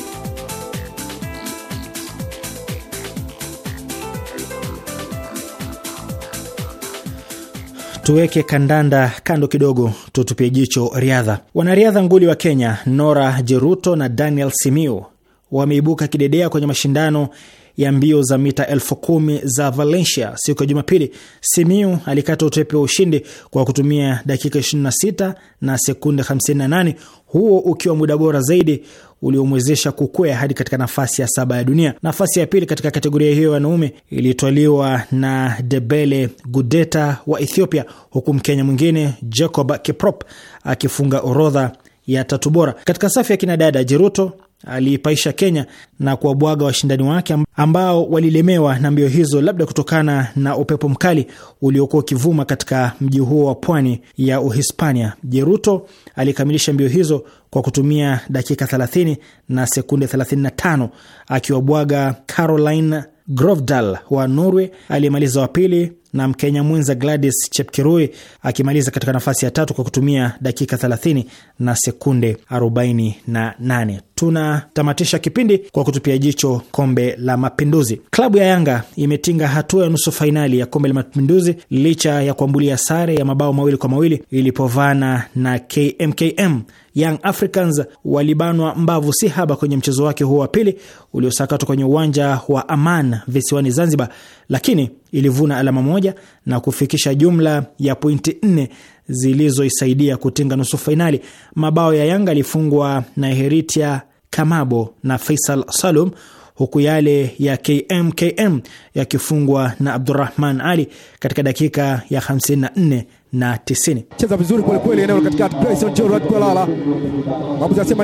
Tuweke kandanda kando kidogo, tutupie jicho riadha. Wanariadha nguli wa Kenya Nora Jeruto na Daniel Simiu wameibuka kidedea kwenye mashindano ya mbio za mita elfu kumi za Valencia siku ya Jumapili. Simiu alikata utepe wa ushindi kwa kutumia dakika 26 na sekunde 58, huo ukiwa muda bora zaidi uliomwezesha kukwea hadi katika nafasi ya saba ya dunia. Nafasi ya pili katika kategoria hiyo ya wanaume ilitwaliwa na Debele Gudeta wa Ethiopia, huku Mkenya mwingine Jacob Kiprop akifunga orodha ya tatu bora. Katika safu ya kinadada, Jeruto aliipaisha Kenya na kuwabwaga washindani wake ambao walilemewa na mbio hizo, labda kutokana na upepo mkali uliokuwa ukivuma katika mji huo wa pwani ya Uhispania. Jeruto alikamilisha mbio hizo kwa kutumia dakika 30 na sekunde 35 akiwabwaga Caroline Grovdal wa Norway aliyemaliza wa pili na Mkenya mwenza Gladys Chepkirui akimaliza katika nafasi ya tatu kwa kutumia dakika 30 na sekunde 48. Tunatamatisha kipindi kwa kutupia jicho kombe la Mapinduzi. Klabu ya Yanga imetinga hatua ya nusu fainali ya kombe la Mapinduzi licha ya kuambulia sare ya mabao mawili kwa mawili ilipovana na KMKM. Young Africans walibanwa mbavu si haba kwenye mchezo wake huo wa pili uliosakatwa kwenye uwanja wa Aman visiwani Zanzibar lakini ilivuna alama moja na kufikisha jumla ya pointi nne zilizoisaidia kutinga nusu fainali. Mabao ya Yanga yalifungwa na Heritia Kamabo na Faisal Salum, huku yale ya KMKM yakifungwa na abdurahman Ali katika dakika ya 54 na 90. Cheza vizuri kwelikweli, eneo katikati, Grayson Gerald Kwalala,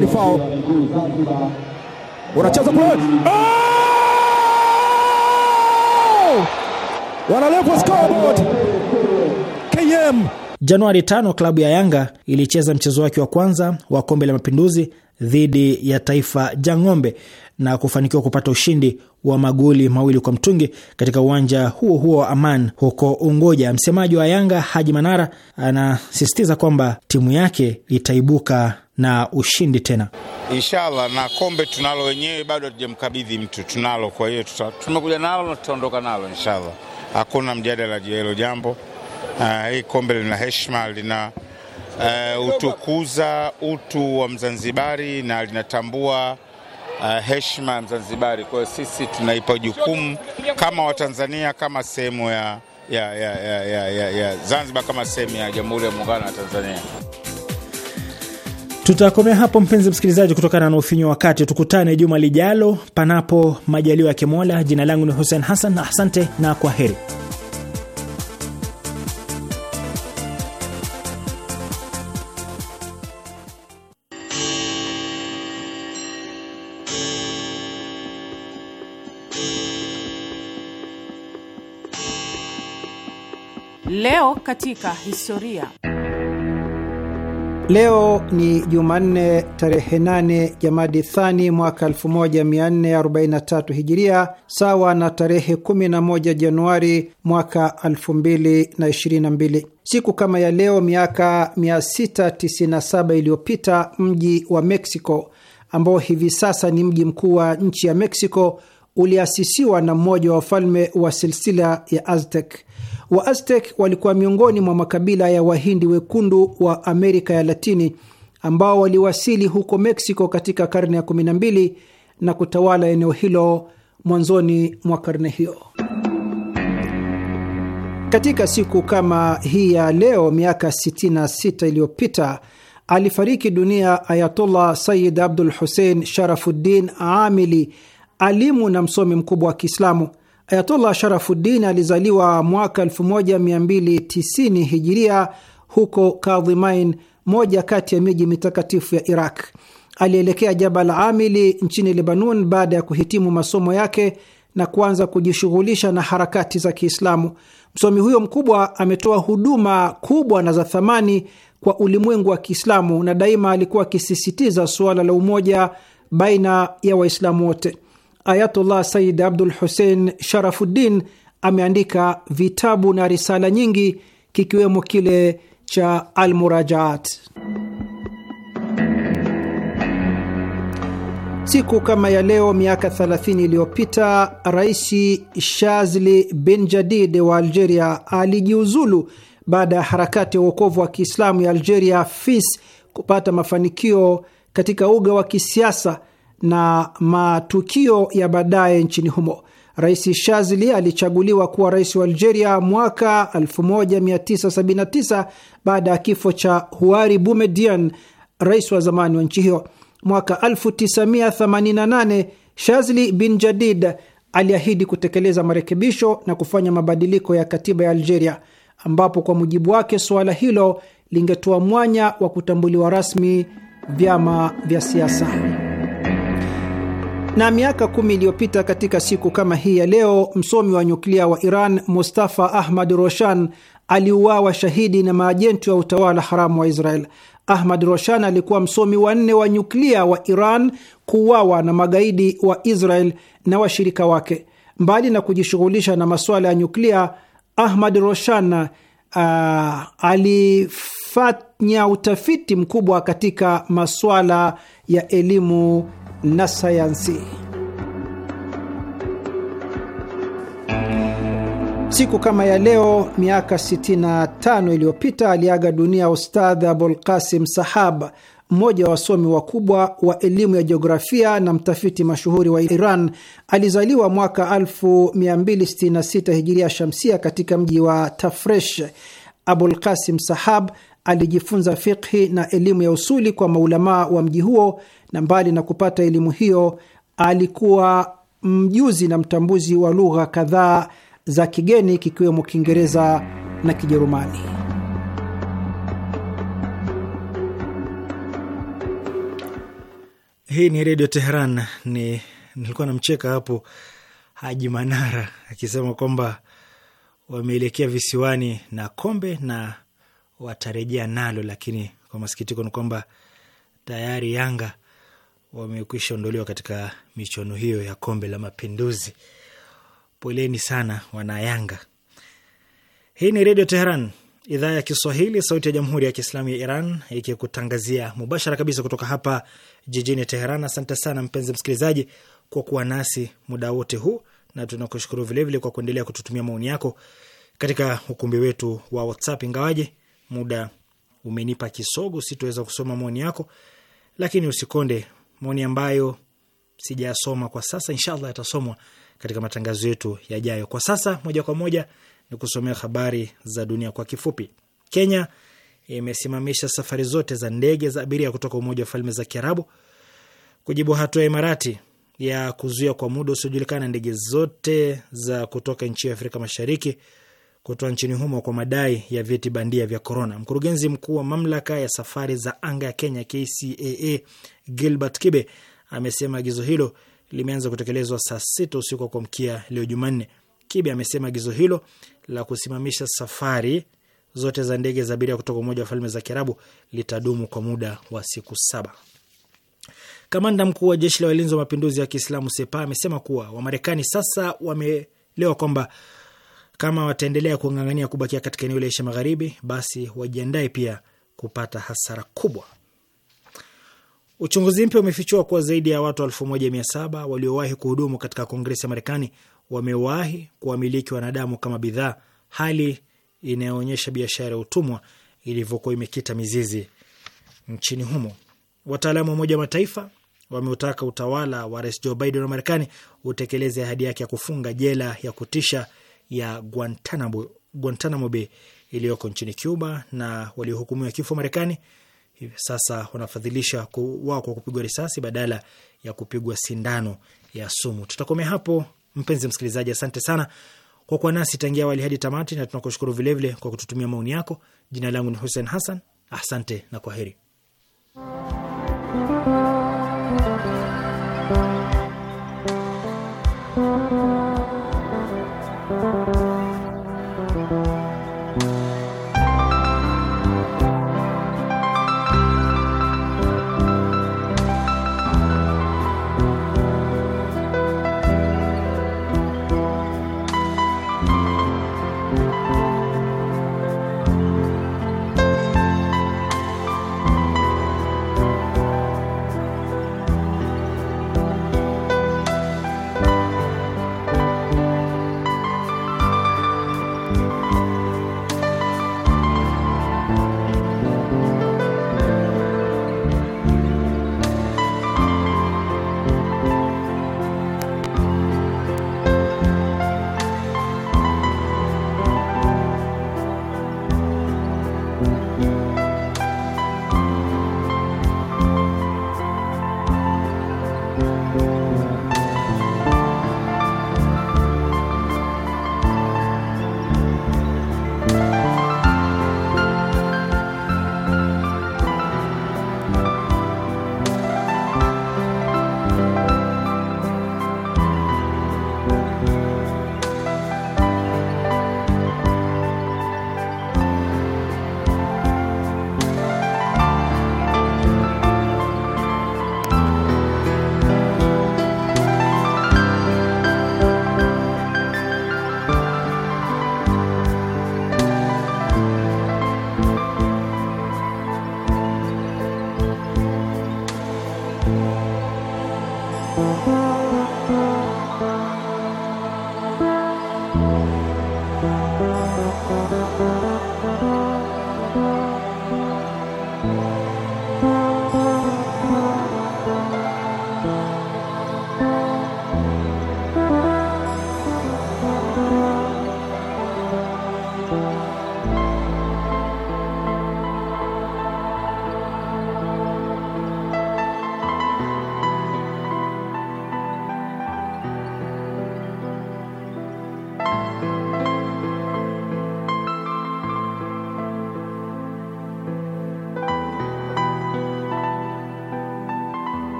ni fao, unacheza kwa wanalekwa scoreboard KM. Januari 5 klabu ya Yanga ilicheza mchezo wake wa kwanza wa kombe la mapinduzi dhidi ya Taifa Jang'ombe na kufanikiwa kupata ushindi wa magoli mawili kwa mtungi katika uwanja huo huo wa Aman huko Ungoja. Msemaji wa Yanga Haji Manara anasisitiza kwamba timu yake itaibuka na ushindi tena inshallah, na kombe tunalo wenyewe, bado hatujamkabidhi mtu, tunalo. Kwa hiyo tumekuja nalo na tutaondoka nalo inshallah hakuna mjadala juu ya hilo jambo. Uh, hii kombe lina heshima, lina uh, utukuza utu wa Mzanzibari na linatambua uh, heshima ya Mzanzibari. Kwa hiyo sisi tunaipa jukumu kama Watanzania, kama sehemu ya, ya, ya, ya, ya, ya, ya Zanzibar, kama sehemu ya Jamhuri ya Muungano wa Tanzania. Tutakomea hapo mpenzi msikilizaji, kutokana na ufinyo wakati. Tukutane juma lijalo, panapo majaliwa ya Kimola. Jina langu ni Hussein Hassan, asante na kwa heri. Leo katika historia Leo ni Jumanne tarehe 8 Jamadi Thani mwaka 1443 Hijiria, sawa na tarehe 11 Januari mwaka 2022. Siku kama ya leo miaka 697 iliyopita mji wa Mexico ambao hivi sasa ni mji mkuu wa nchi ya Mexico uliasisiwa na mmoja wa wafalme wa silsila ya Aztec. Waaztek walikuwa miongoni mwa makabila ya Wahindi wekundu wa Amerika ya Latini ambao waliwasili huko Meksiko katika karne ya 12 na kutawala eneo hilo mwanzoni mwa karne hiyo. Katika siku kama hii ya leo miaka 66 iliyopita alifariki dunia Ayatullah Sayid Abdul Hussein Sharafuddin Amili, alimu na msomi mkubwa wa Kiislamu. Ayatollah Sharafuddin alizaliwa mwaka 1290 hijiria huko Kadhimain, moja kati ya miji mitakatifu ya Iraq. Alielekea Jabal Amili nchini Lebanon baada ya kuhitimu masomo yake na kuanza kujishughulisha na harakati za Kiislamu. Msomi huyo mkubwa ametoa huduma kubwa na za thamani kwa ulimwengu wa Kiislamu na daima alikuwa akisisitiza suala la umoja baina ya Waislamu wote. Ayatullah Said Abdul Hussein Sharafuddin ameandika vitabu na risala nyingi kikiwemo kile cha Almurajaat. Siku kama ya leo miaka 30 iliyopita Rais Shazli bin Jadid wa Algeria alijiuzulu baada ya harakati ya uokovu wa Kiislamu ya Algeria FIS kupata mafanikio katika uga wa kisiasa na matukio ya baadaye nchini humo. Rais Shazili alichaguliwa kuwa rais wa Algeria mwaka 1979 baada ya kifo cha Huari Boumediene, rais wa zamani wa nchi hiyo. Mwaka 1988 shazli bin Jadid aliahidi kutekeleza marekebisho na kufanya mabadiliko ya katiba ya Algeria, ambapo kwa mujibu wake suala hilo lingetoa mwanya wa kutambuliwa rasmi vyama vya siasa. Na miaka kumi iliyopita katika siku kama hii ya leo, msomi wa nyuklia wa Iran Mustafa Ahmad Roshan aliuawa shahidi na maajenti wa utawala haramu wa Israel. Ahmad Roshan alikuwa msomi wanne wa nyuklia wa Iran kuuawa na magaidi wa Israel na washirika wake. Mbali na kujishughulisha na masuala ya nyuklia, Ahmad Roshan Uh, alifanya utafiti mkubwa katika masuala ya elimu na sayansi. Siku kama ya leo miaka 65 iliyopita aliaga dunia Ustadh Abulkasim Sahab, mmoja wa wasomi wakubwa wa elimu ya jiografia na mtafiti mashuhuri wa Iran. Alizaliwa mwaka 1266 hijiria shamsia katika mji wa Tafresh. Abulkasim Sahab alijifunza fikhi na elimu ya usuli kwa maulamaa wa mji huo, na mbali na kupata elimu hiyo, alikuwa mjuzi na mtambuzi wa lugha kadhaa za kigeni kikiwemo Kiingereza na Kijerumani. Hii ni Redio Teheran. Ni nilikuwa namcheka hapo Haji Manara akisema kwamba wameelekea visiwani na kombe na watarejea nalo, lakini kwa masikitiko ni kwamba tayari Yanga wamekwisha ondoliwa katika michuano hiyo ya kombe la Mapinduzi. Poleni sana wanayanga. Hii ni Redio Teheran, idhaa ya Kiswahili, sauti ya Jamhuri ya Kiislamu ya Iran, ikikutangazia mubashara kabisa kutoka hapa jijini Teheran. Asante sana mpenzi msikilizaji kwa kuwa nasi muda wote huu, na tunakushukuru vilevile kwa kuendelea kututumia maoni yako katika ukumbi wetu wa WhatsApp, ingawaje muda umenipa kisogo, sitoweza kusoma maoni yako, lakini usikonde maoni ambayo sijayasoma kwa sasa, inshallah yatasomwa katika matangazo yetu yajayo. Kwa sasa, moja kwa moja ni kusomea habari za dunia kwa kifupi. Kenya imesimamisha safari zote za ndege za abiria kutoka Umoja wa Falme za Kiarabu kujibu hatua ya Imarati ya kuzuia kwa muda usiojulikana ndege zote za kutoka nchi ya Afrika Mashariki kutoa nchini humo kwa madai ya vyeti bandia vya korona. Mkurugenzi mkuu wa mamlaka ya safari za anga ya Kenya KCAA Gilbert Kibe amesema agizo hilo limeanza kutekelezwa saa sita usiku wa kuamkia leo Jumanne. Kibe amesema agizo hilo la kusimamisha safari zote za ndege za abiria kutoka Umoja wa Falme za Kiarabu litadumu kwa muda wa siku saba. Kamanda mkuu wa jeshi la walinzi wa mapinduzi ya Kiislamu Sepa amesema kuwa Wamarekani sasa wameelewa kwamba kama wataendelea kung'ang'ania kubakia katika eneo la Asia Magharibi, basi wajiandae pia kupata hasara kubwa. Uchunguzi mpya umefichua kuwa zaidi ya watu 1700 waliowahi kuhudumu katika Kongresi ya Marekani wamewahi kuwamiliki wanadamu kama bidhaa, hali inayoonyesha biashara ya utumwa ilivyokuwa imekita mizizi nchini humo. Wataalamu wa Umoja wa Mataifa wameutaka utawala wa Rais Joe Biden wa Marekani utekeleze ahadi yake ya kufunga jela ya kutisha ya Guantanamo, Guantanamo Bay iliyoko nchini Cuba, na waliohukumiwa kifo Marekani hivi sasa wanafadhilisha wao kwa kupigwa risasi badala ya kupigwa sindano ya sumu. Tutakomea hapo mpenzi msikilizaji, asante sana kwa kuwa nasi tangia awali hadi tamati, na tunakushukuru vilevile kwa kututumia maoni yako. Jina langu ni Hussein Hassan, asante na kwaheri.